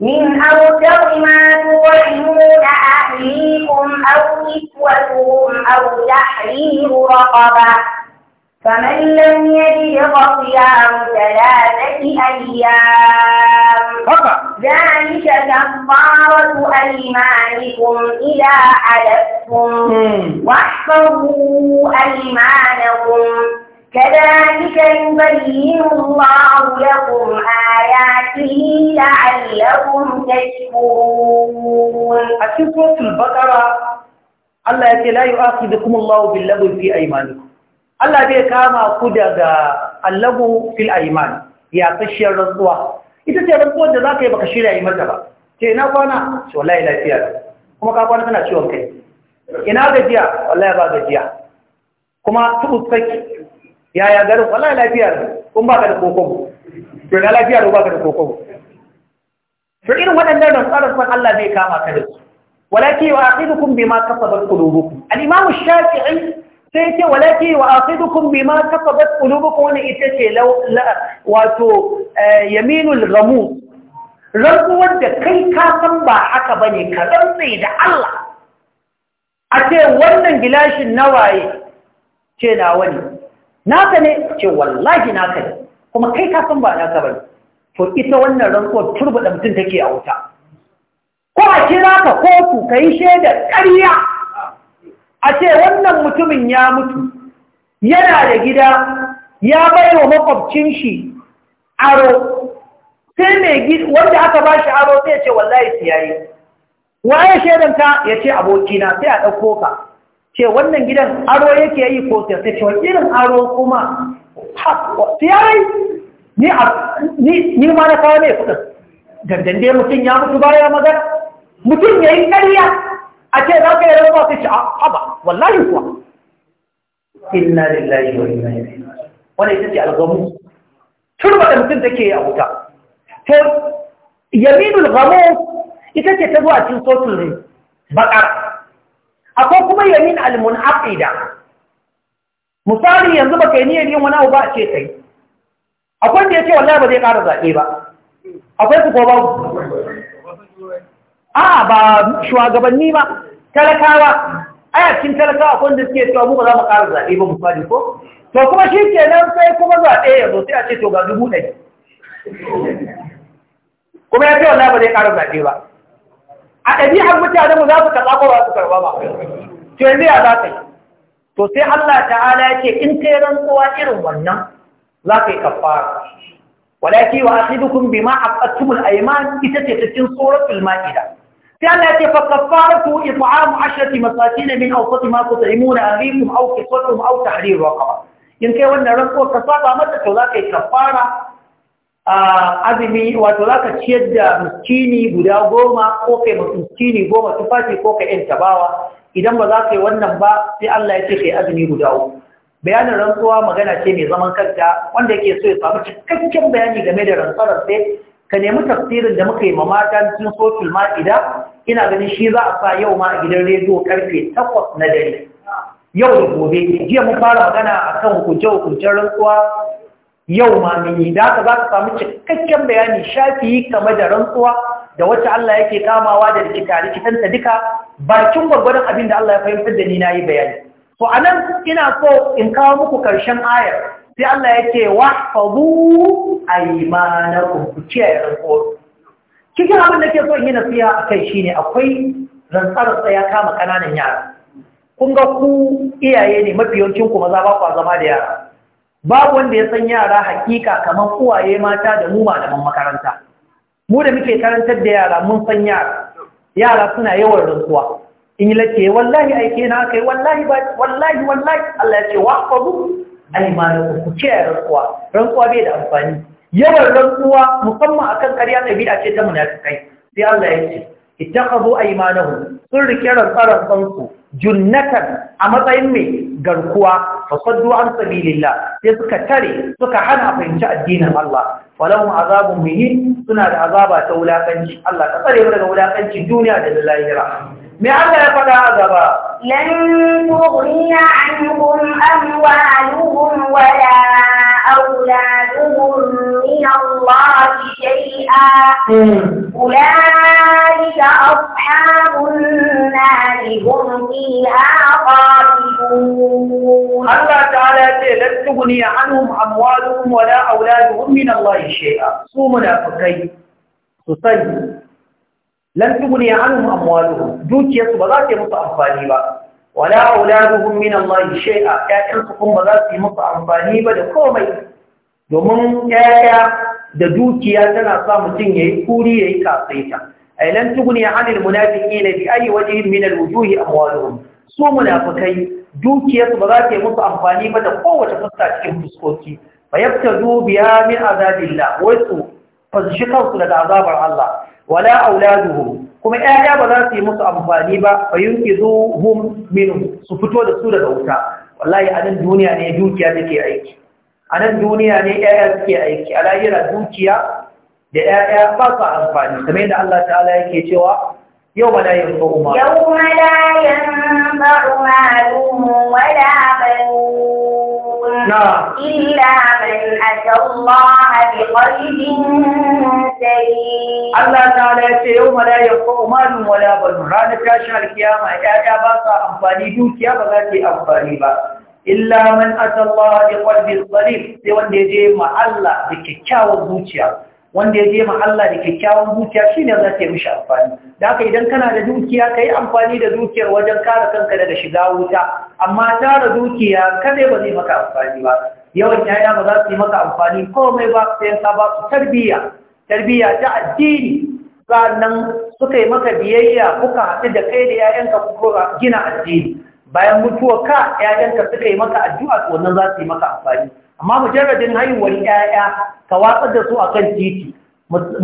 من أوسط ما تطعمون أهليكم أو نسوتهم أو تحرير رقبة فمن لم يجد فصيام ثلاثة أيام ذلك كفارة أيمانكم إذا حلفتم واحفظوا أيمانكم كذلك يبين الله لكم آياته لعلكم تشكرون
في سورة البقرة الله لا يؤاخذكم الله باللغو في أيمانكم Allah bai kama ku daga allahu fil aiman ya tsashiyar rantsuwa ita ce rantsuwar da za ka yi baka shirya yi mata ba ce ina kwana ce wallahi lafiya kuma ka kwana tana ciwon kai ina gajiya wallahi ba gajiya kuma tubu tsaki yaya garin wallahi lafiya kun baka da kokon to na lafiya da baka da kokon to irin waɗannan rantsarar san Allah bai kama ka da su walaki wa aqidukum bima kasabat qulubukum al-imam shafi'i sai ce walaki wa aqidukum bima kasabat qulubukum wannan ita ce wato eh, yaminul ramu. rantsuwar da kai ka san ba haka bane ka rantse da Allah a ce wannan gilashin nawaye ce na wani naka ne ce wallahi naka ne kuma kai ka san ba naka bane to ita wannan rantsuwar da mutum take a wuta
ko a kira
ka kotu ka yi shaida ƙarya a ce wannan mutumin ya mutu yana da gida ya bai wa makwabcin shi aro sai mai wanda aka ba shi aro sai ya ce wallahi siyaye waye shaidanka ya ce abokina sai a ɗauko ka ce wannan gidan aro yake yi ko sai ce wani irin aro kuma siyaye ni ma na kawo mai kudin dandande mutum ya mutu baya magana mutum ya yi ƙarya a ce za ka yi rasuwa sai shi a haba wallahi kuwa inna lillahi wa inna ilaihi Wani ita ce algamu turba da mutum take yi a wuta to yaminul gamu ita ce ta zuwa cikin sotul bakar akwai kuma yamin al-munaqida misali yanzu baka yi niyyar yin wani abu ba a ce kai akwai da yace wallahi ba zai ƙara zaɓe ba akwai su ko ba a ba shugabanni ba talakawa aya cikin talakawa akwai da suke cewa mu ba za mu ƙara zaɓe ba faɗi ko to kuma shi ke nan sai kuma zaɓe ya zo sai a ce to ga dubu ɗari kuma ya ce wannan ba zai ƙara zaɓe ba a ɗabi'ar mutane mu za su karɓa ko ba su karɓa ba to yanzu ya za ka yi to sai Allah ta'ala ya ce in kai rantsuwa irin wannan za ka yi kafara walaki wa asidukum bima aqattumul ayman ita ce cikin suratul maida sai Allah ya ce fa kafaratu it'amu ashrati masakin min awsati ma tut'imuna ahikum aw kisatuhum aw tahrir raqaba in kai wannan ranko ka saba mata to za ka yi kafara azumi wato za ka ciyar da miskini guda goma ko kai miskini goma tufafi ko kai yan tabawa idan ba za ka yi wannan ba sai Allah ya ce kai azumi guda uku bayanin rantsuwa magana ce mai zaman kanta wanda yake so ya samu cikakken bayani game da rantsarar sai ka nemi tafsirin da muka yi ma mata cikin ma ma'ida ina ganin shi za a sa yau ma a gidan rediyo karfe takwas na dare yau da gobe jiya mun fara magana akan hukunce hukuncen rantsuwa yau ma mun yi da haka za ka samu cikakken bayani shafi kama da rantsuwa da wacce Allah yake kamawa da rikita-rikitanta duka bakin gwagwarin abin da Allah ya fahimtar da ni na yi bayani. To anan ina so in kawo muku ƙarshen ayar sai Allah yake wahfazu aymanakum ku kiyaye rantsuwa cikin abin da ke so in yi nasiha akai shine akwai rantsar tsaya kama kananan yara kun ga ku iyaye ne mafi yawancin ku maza ba ku zama da yara babu wanda ya san yara hakika kamar uwaye mata da mu malaman makaranta mu da muke karantar da yara mun san yara yara suna yawan rantsuwa in yi lake wallahi aike na kai wallahi wallahi wallahi Allah ya ce wahfazu aimanaku ku kiyaye rantsuwa rantsuwa bai da amfani yawan rantsuwa musamman akan ƙarya ɗabi'a ce ta munafikai sai Allah ya ce ittakhadhu aymanahum sun rike rantsaran tsansu junnatan a matsayin mai garkuwa fasaddu an sabilillah sai suka tare suka hana fahimci addinin Allah falahum azabun muhin suna da azaba ta wulakanci Allah ta tsare mu daga wulakanci duniya da lahira me Allah ya faɗa a gaba
lan tughniya anhum amwa أولئك أصحاب النار هم فيها خالدون
الله تعالى لن تغني عنهم أموالهم ولا أولادهم من الله شيئا صومنا منافقين تصلي لن تغني عنهم أموالهم دوكي سبغات متأفاني بقى ولا أولادهم من الله شيئا كأنهم بذات متأفاني بل قومي domin yaya da dukiya tana sa mutum ya yi kuri ya yi kasaita a lan tuguni anil munafiki na bi yin waje min a amwaluhum su munafikai dukiyarsu ba za ta yi musu amfani ba da kowace fuska cikin fuskoki ya fita dubiya min la. wai su fashi kansu daga azabar Allah wala auladuhum kuma 'ya'ya ba za su yi musu amfani ba fa yunqizuhum minhu su fito da su daga wuta wallahi anan duniya ne dukiya take aiki a nan duniya ne ‘ya'ya suke aiki a dukiya da ƴaƴa ba su amfani kamar yadda Allah ta'ala yake cewa yau ma da yin ba'u ma yau
ma da yin ba'u ma wala bayu illa man atallaha
bi qalbin sayyid Allah ta'ala yace yau ma da yin ba'u ma wala bayu ranar tashin alkiyama ƴaƴa ba su amfani dukiya ba za ta yi amfani ba illa man atallaha bi qalbin salim sai wanda ya je ma Allah da kyakkyawan zuciya wanda ya je ma Allah da kyakkyawan zuciya shine za ta yi mishi amfani da haka idan kana da dukiya kai amfani da dukiyar wajen kare kanka daga shiga wuta amma tara dukiya kadai ba zai maka amfani ba yawan yaya ba za su yi maka amfani komai ba sai ka ba su tarbiyya tarbiyya ta addini sannan suka yi maka biyayya kuka haɗu da kai da 'ya'yanka kuka gina addini bayan mutuwa ka 'ya'yanka suka yi maka addu'a to wannan za su yi maka amfani amma mujarradin haihuwar 'ya'ya ka watsar da su a kan titi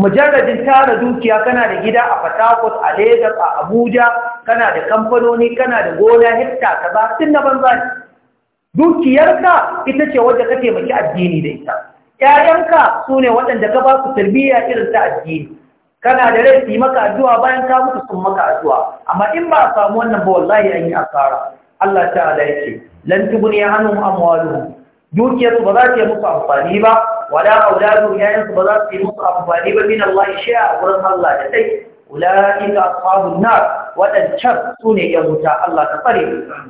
mujarradin tara dukiya kana da gida a Fatakot a Lagos a Abuja kana da kamfanoni kana da gona hekta ba tun na banza ne dukiyarka ita ce wadda ka taimaki addini da ita Ya'yanka su ne waɗanda ka ba su tarbiyya irin ta addini kana da rai su yi maka addu'a bayan ka mutu sun maka addu'a amma in ba a samu wannan ba wallahi an yi asara Allah ta'ala yake lan hannu anhum amwaluhum dukiyarsu ba za ta yi musu amfani ba wala auladuhum yayansu ba za su yi musu amfani ba min Allah a wurin Allah da dai أولئك أصحاب النار waɗancan su ne ‘yan wuta Allah ta tsare,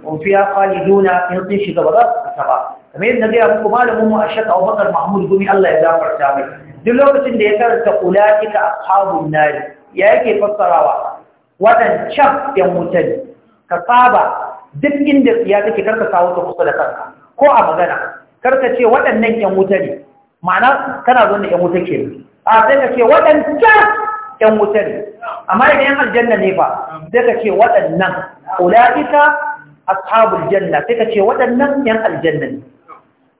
ƙunfiya kwali nuna in sun shiga ba za su fita ba. Kamar yadda gaya muku malamin mu a shaka wa bakar Mahmud Gumi Allah ya gafarta mai. Duk lokacin da ya karanta kula ita a ya yake fassarawa waɗancan ‘yan wuta ne. Ka saba duk inda ya take karka kawo ta kusa da kanka, ko a magana, karka ce waɗannan ‘yan wuta ne, ma'ana kana zo da ‘yan wuta ke. A sai ka ce waɗancan ‘yan wuta ne, amma idan aljanna ne fa sai ka ce waɗannan a ashabul janna sai ka ce waɗannan yan aljanna ne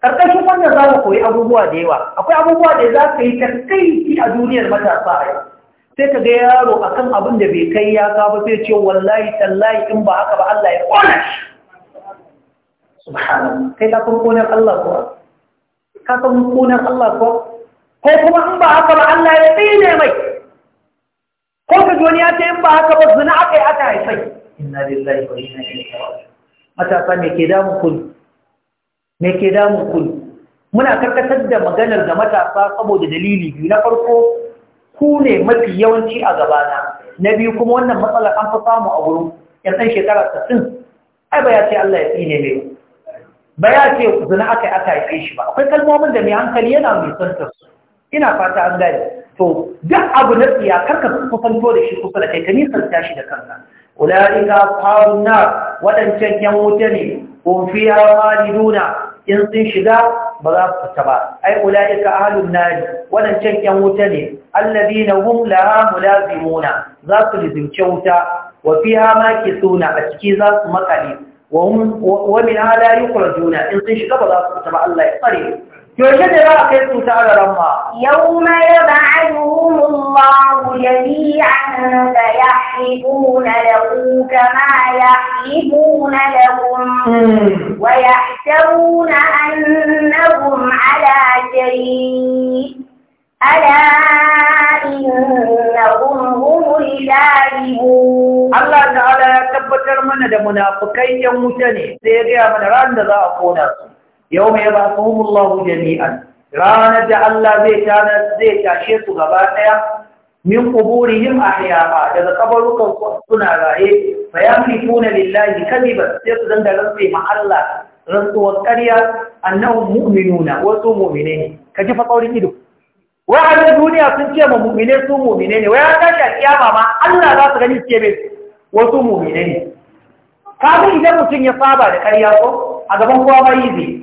ƙarƙashin wannan za mu koyi abubuwa da yawa akwai abubuwa da za ka yi karkai a duniyar matasa a yau sai ka ga yaro akan abin da bai kai ya ka ba sai ce wallahi tallahi in ba haka ba Allah ya ƙona shi subhanallah kai ka san konar Allah ko ka san konar Allah ko ko kuma in ba haka ba Allah ya tsine mai ko ka ji wani ya ce in ba haka ba zina aka yi aka haifai inna lillahi wa inna ilaihi raji'un matasa me ke damun kun me ke damun kun muna karkatar da maganar da matasa saboda dalili biyu na farko ku ne mafi yawanci a gabana na biyu kuma wannan matsalar an fi samu a wurin yan ɗan shekara sassin ai ba ya ce Allah ya tsine mai ba ya ce zina aka yi aka haife shi ba akwai kalmomin da mai hankali yana mai son su ina fata an gane to duk abu na tsiya karka kusanto da shi kusa da kai ka nisan tashi da kanka ulaika ashabun nar wadancan yan wuta ne kun fiha khaliduna in sun shiga ba za su fita ba ai ulaika ahalun nari wadancan yan wuta ne na hum laha mulazimuna za su lizince wuta wa ke suna a ciki za su makale wa min ala juna, in sun shiga ba za su fita ba Allah ya tsare yaushe ne za a kai su ta alaran ma
yawma yab'aduhum Allahu
jami'an fa
yahibuna lahu kama yahibuna lahum wa yahsabuna annahum ala shay'in
ala innahum humul kadhibun Allah ta'ala ya tabbatar mana da munafikai yan wuta ne sai ya ga mana ran da za a kona su yau mai ba kohumullahu jami'an ranar da Allah zai tashe su gaba ɗaya min kuburihim ahya'a daga kabarukan suna raye fa yamlikuna lillahi kadiban sai su danga rantsi ma Allah rantsuwar ƙarya annahum mu'minuna wasu mu'mine ne kaji fa kaurin ido wa'adin duniya sun ce ma mu'mine su mu'mine ne wai an tashi a kiyama ma Allah za su gani su ce mai wasu mu'mine ne kafin idan mutum ya saba da ƙarya ko a gaban kowa ba yi zai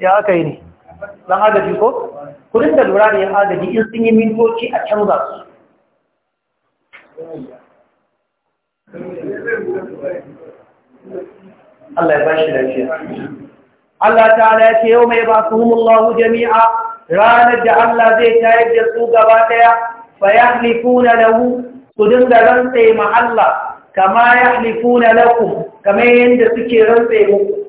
ya aka yi ne don agaji ko? kudin da lura da yin agaji in sun yi mintoci a canza su
Allah ya bashi da ce
Allah ala ya ce yau mai ba su humullahu jami'a ranar da Allah zai tayar da su gaba ɗaya fa ya halifuna lahu su dinga rantse ma Allah kama ya halifuna lakum kamar yadda suke rantsai muku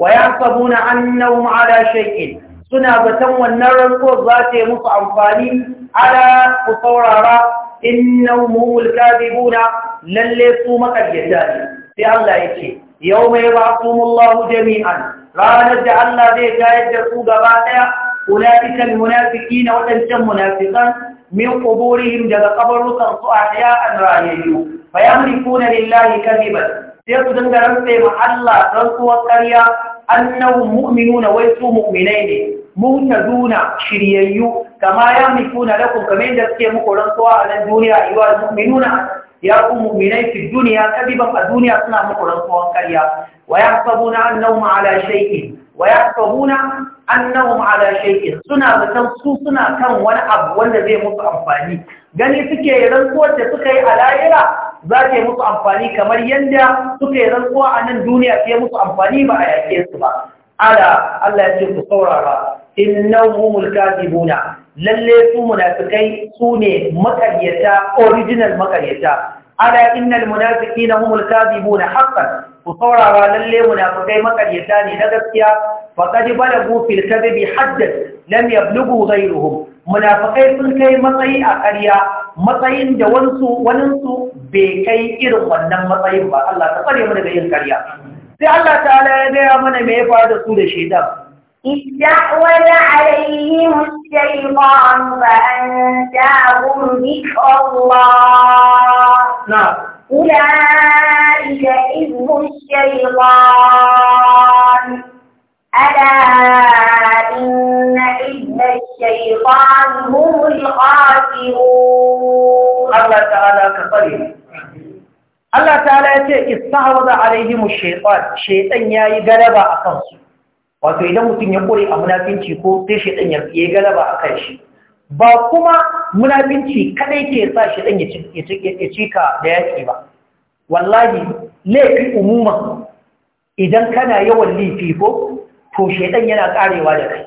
wa ya sabu na annau ma'ala shekin suna zaton wannan ranko zata yi musu amfani ala ku saurara innau mummul kazi buna lalle su makaryata sai Allah ya ce yau mai ba su mullahu jami'an ranar da Allah zai gayar da su gaba ɗaya kulafikan munafiki na waɗancan munafikan min ƙuburihim daga kabarukan su a ɗaya an rayayyu fa yamliku na lillahi kaziban sai su dangaran sai ma Allah ran karya. annahum mu'minuna wai su mu'minai ne muhtaduna shiryayyu kama yamlikuna lakum kamar yadda suke muku rantsuwa a nan duniya ayyuhal mu'minuna ya ku mu'minai fi duniya kadiban a duniya suna muku karya wa yahsabuna annahum ala shay'in wa yahsabuna annahum ala shay'in suna zaton su suna kan wani abu wanda zai musu amfani gani suke rantsuwar da suka yi a lahira za ta yi musu amfani kamar yadda suka yi rantsuwa a nan duniya ta yi musu amfani ba a yaƙe su ba ala Allah ya ce ku saurara innahumul kadibuna lalle su munafikai su ne makaryata original makaryata ala innal na humul kadibuna haqqan ku saurara lalle munafikai makaryata ne na gaskiya faqad balagu fil kadhibi haddan lam yablughu ghayruhum Munafakai sun kai matsayi a ƙarya matsayin da wansu waninsu bai kai irin wannan matsayin ba Allah ta tsare mu daga yin ƙarya sai Allah ta'ala ya gaya mana me ya faru da su da shaidan استعوذ عليهم
الشيطان فأنساهم ذكر الله نعم أولئك إذن الشيطان ألا إن إذن
الشيطان هم الخاسرون الله تعالى كفرهم الله تعالى يتي استعرض عليهم الشيطان شيطان a غلبة أكنسو wato idan mutum ya kore a munafinci ko sai shaidan ya yi galaba a kan shi ba kuma munafinci kadai ke sa shaitan ya cika da yaki ba wallahi laifi umuma idan kana yawan laifi ko to shaidan yana karewa da kai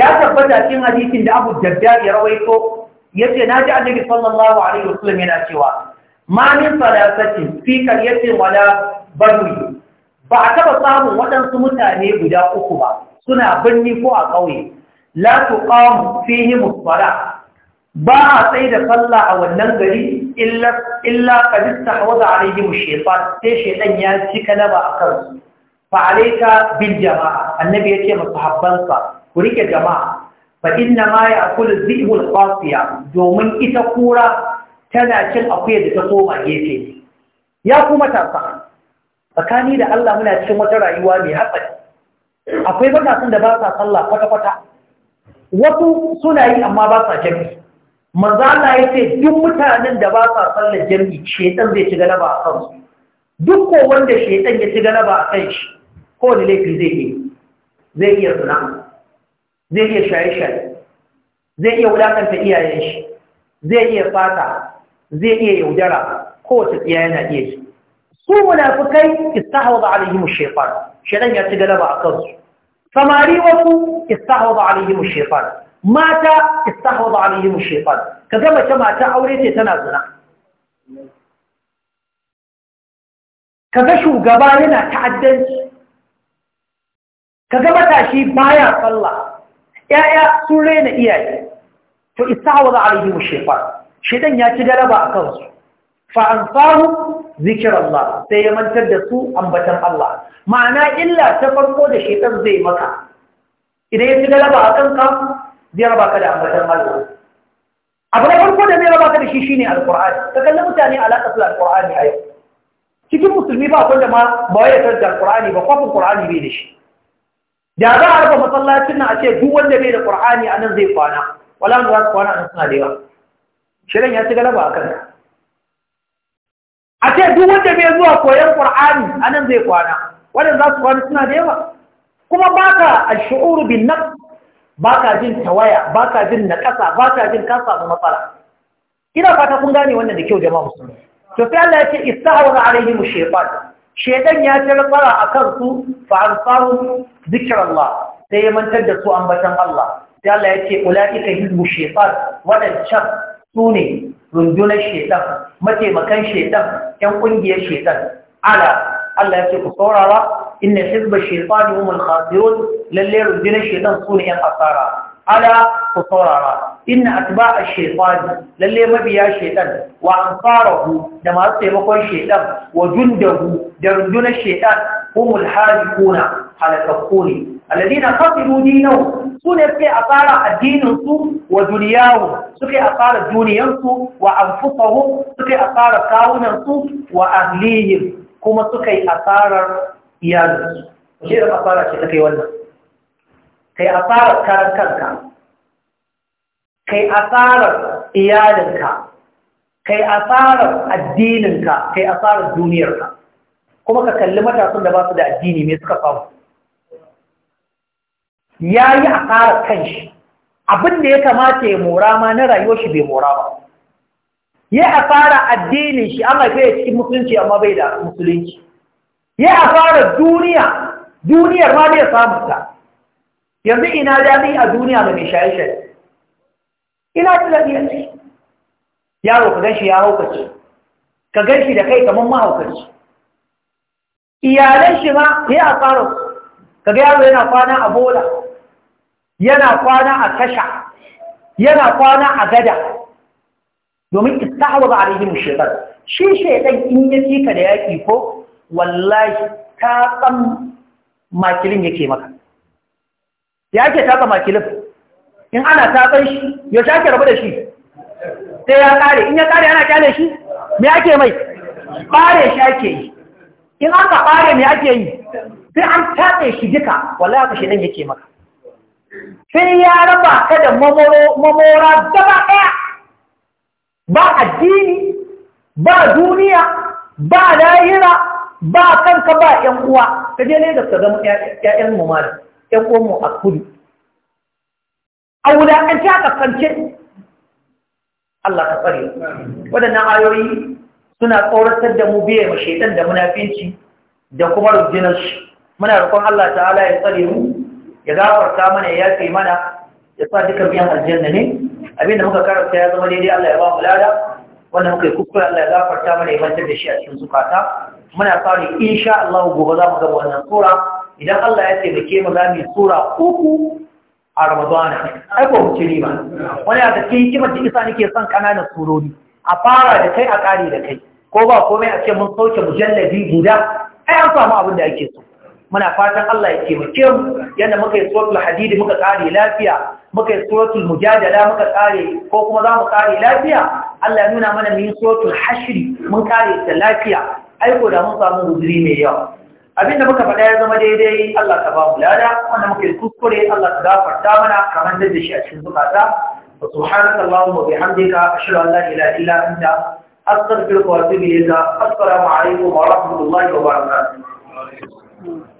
ya tabbata cikin hadisin da Abu Darda ya rawaito yace naji Annabi sallallahu alaihi wasallam yana cewa ma min salasatin fi qaryatin wala ba a taba samun waɗansu mutane guda uku ba suna birni ko a ƙauye la tuqam fihi musfara ba a sai da sallah a wannan gari illa illa qad istahwaza alaihim shaytan sai shaytan ya cika naba akan su fa'alaika bin jama'a annabi ya ce masu habbansa ku rike jama'a fa inna ma ya akulu zibul qasiya domin ita kura tana cin akwai da ta koma gefe ya kuma tafa tsakani da Allah muna cikin wata rayuwa mai hatsari akwai matasan da ba sa sallah kwata-kwata wasu suna yi amma ba sa jami manzo Allah ya ce duk mutanen da ba sa sallar jami shedan zai ci galaba a kansu duk ko wanda shedan ya ci galaba a kan shi هو اللي ليه في زي ايه زي ايه صناعه زي ايه شعيشه زي في ايه عيش زي ايه فاتع زي ايه يودره قوه ايانا استحوذ عليهم الشيطان شيطان يتقلب عقبه فماريوه استحوذ عليهم الشيطان مات استحوذ عليهم الشيطان كذا ما تمات تنازلنا كذا شو قبالنا تعدل ka ga matashi baya sallah ya'ya sun rena iyaye to istahwaza alaihim shaytan shaytan ya ci galaba a kansu fa ansahu zikrallah sai ya mantar da su ambatan Allah ma'ana illa ta farko da shaytan zai maka idan ya ci galaba a kanka zai raba ka da ambatan Allah abu na farko da zai raba ka da shi shine alqur'ani ka kalli mutane alaƙa su alqur'ani a yau cikin musulmi ba akwai da ma ba wai ya tarda alqur'ani ba kwafin qur'ani bai da shi da za a rufe masallacin nan a ce duk wanda bai da qur'ani a nan zai kwana wala mu za su kwana nan suna da yawa shirin ya ci galaba a kan a ce duk wanda bai zuwa koyon qur'ani a nan zai kwana wannan za su kwana suna da yawa kuma baka a shuuru bin ba baka jin tawaya baka jin nakasa baka jin ka samu matsala ina fata kun gane wannan da kyau jama'a musulmi to sai Allah ya ce istahawara alaihim ta. shedan ya tarfara a kansu fa'arfaru zikirar sai ya mantar da su ambatan Allah sai Allah ya ce ula'ika hizbu shaitan waɗancan sune rundunar shaitan mataimakan shaitan ƴan ƙungiyar shaitan ala Allah ya ce ku saurara inna hizba shaitani humul khasirun lalle rundunar shaitan sune ne ƴan asara ala ku saurara inna atba'a shaytan lalle mabiya shaytan wa ansarahu da masu taimakon shaytan wa jundahu da rundunar shaytan humul harikuna halakakuni alladina qatilu dinahu sune suke asara addinin su wa duniyahu suke asara duniyan su wa anfusahum suke asara kawunan su wa ahlihim kuma suke asarar iyalansu
shi da asara ce take
wannan kai asarar karan kanka kai asarar iyalinka kai asarar addininka kai asarar duniyarka kuma ka kalli matasan da ba su da addini mai suka samu ya yi asarar kan abin da ya kamata ya mora ma na rayuwar shi bai mora ba ya asara addinin shi amma bai cikin musulunci amma bai da musulunci ya asara duniya duniyar ma bai samu ta yanzu ina dadi a duniya da mai shaye-shaye ina ce. yaro ka ganshi ya haukace ka ganshi da kai kamar mahaukaci iyalan shi ma ya a ka ga yaro yana kwana a bola yana kwana a tasha yana kwana a gada domin a istahwaba mu shaytan shi ɗan in ya tika da yaki ko wallahi ta tsam makilin yake maka yake ta tsam makilin in ana tatsan shi ya ke rabu da shi sai ya kare in ya kare ana kyale shi me ake mai bare shi ake yi in an ka bare me ake yi sai an tatse shi duka wallahi nan shedan yake maka sai ya raba ka da mamora gaba ɗaya ba addini ba duniya ba layira ba kanka ba ƴan uwa ka je ne da ka zama ‘yan’uwa uwan mu a kudu a wulaƙanci a ƙasance Allah ta tsare waɗannan ayoyi suna tsoratar da mu biyan ma shaidan da munafinci da kuma rundunar shi muna roƙon Allah ta'ala ya tsare mu ya gafarta mana ya yafe mana ya sa duka biyan aljanna ne abinda muka karanta ya zama daidai Allah ya ba mu lada wannan muka yi kuskure Allah ya gafarta mana ya mantar da shi a cikin zukata muna fara insha Allah gobe za mu gaba wannan sura idan Allah ya taimake mu za mu yi sura uku a ramadana Aiko ko ci riba wani a cikin hikimar da isa nake son kananan tsoroni. a fara da kai a ƙari da kai ko ba komai a ce mun sauke mujalladi guda ai an samu abin da ake so muna fatan Allah ya taimake mu yadda muka yi suratul hadidi muka kare lafiya muka yi mujadala muka kare ko kuma za mu kare lafiya Allah nuna mana mu yi suratul hashri mun kare ta lafiya Aiko da mun samu guduri mai yawa abinda muka faɗa ya zama daidai Allah ta ba mu lada wanda muka yi kuskure Allah ta gafarta mana kamar da shi a cikin zukata wa subhanaka allahumma bihamdika ashhadu an la ilaha illa anta astaghfiruka wa atubu ilayka assalamu alaikum wa rahmatullahi wa barakatuh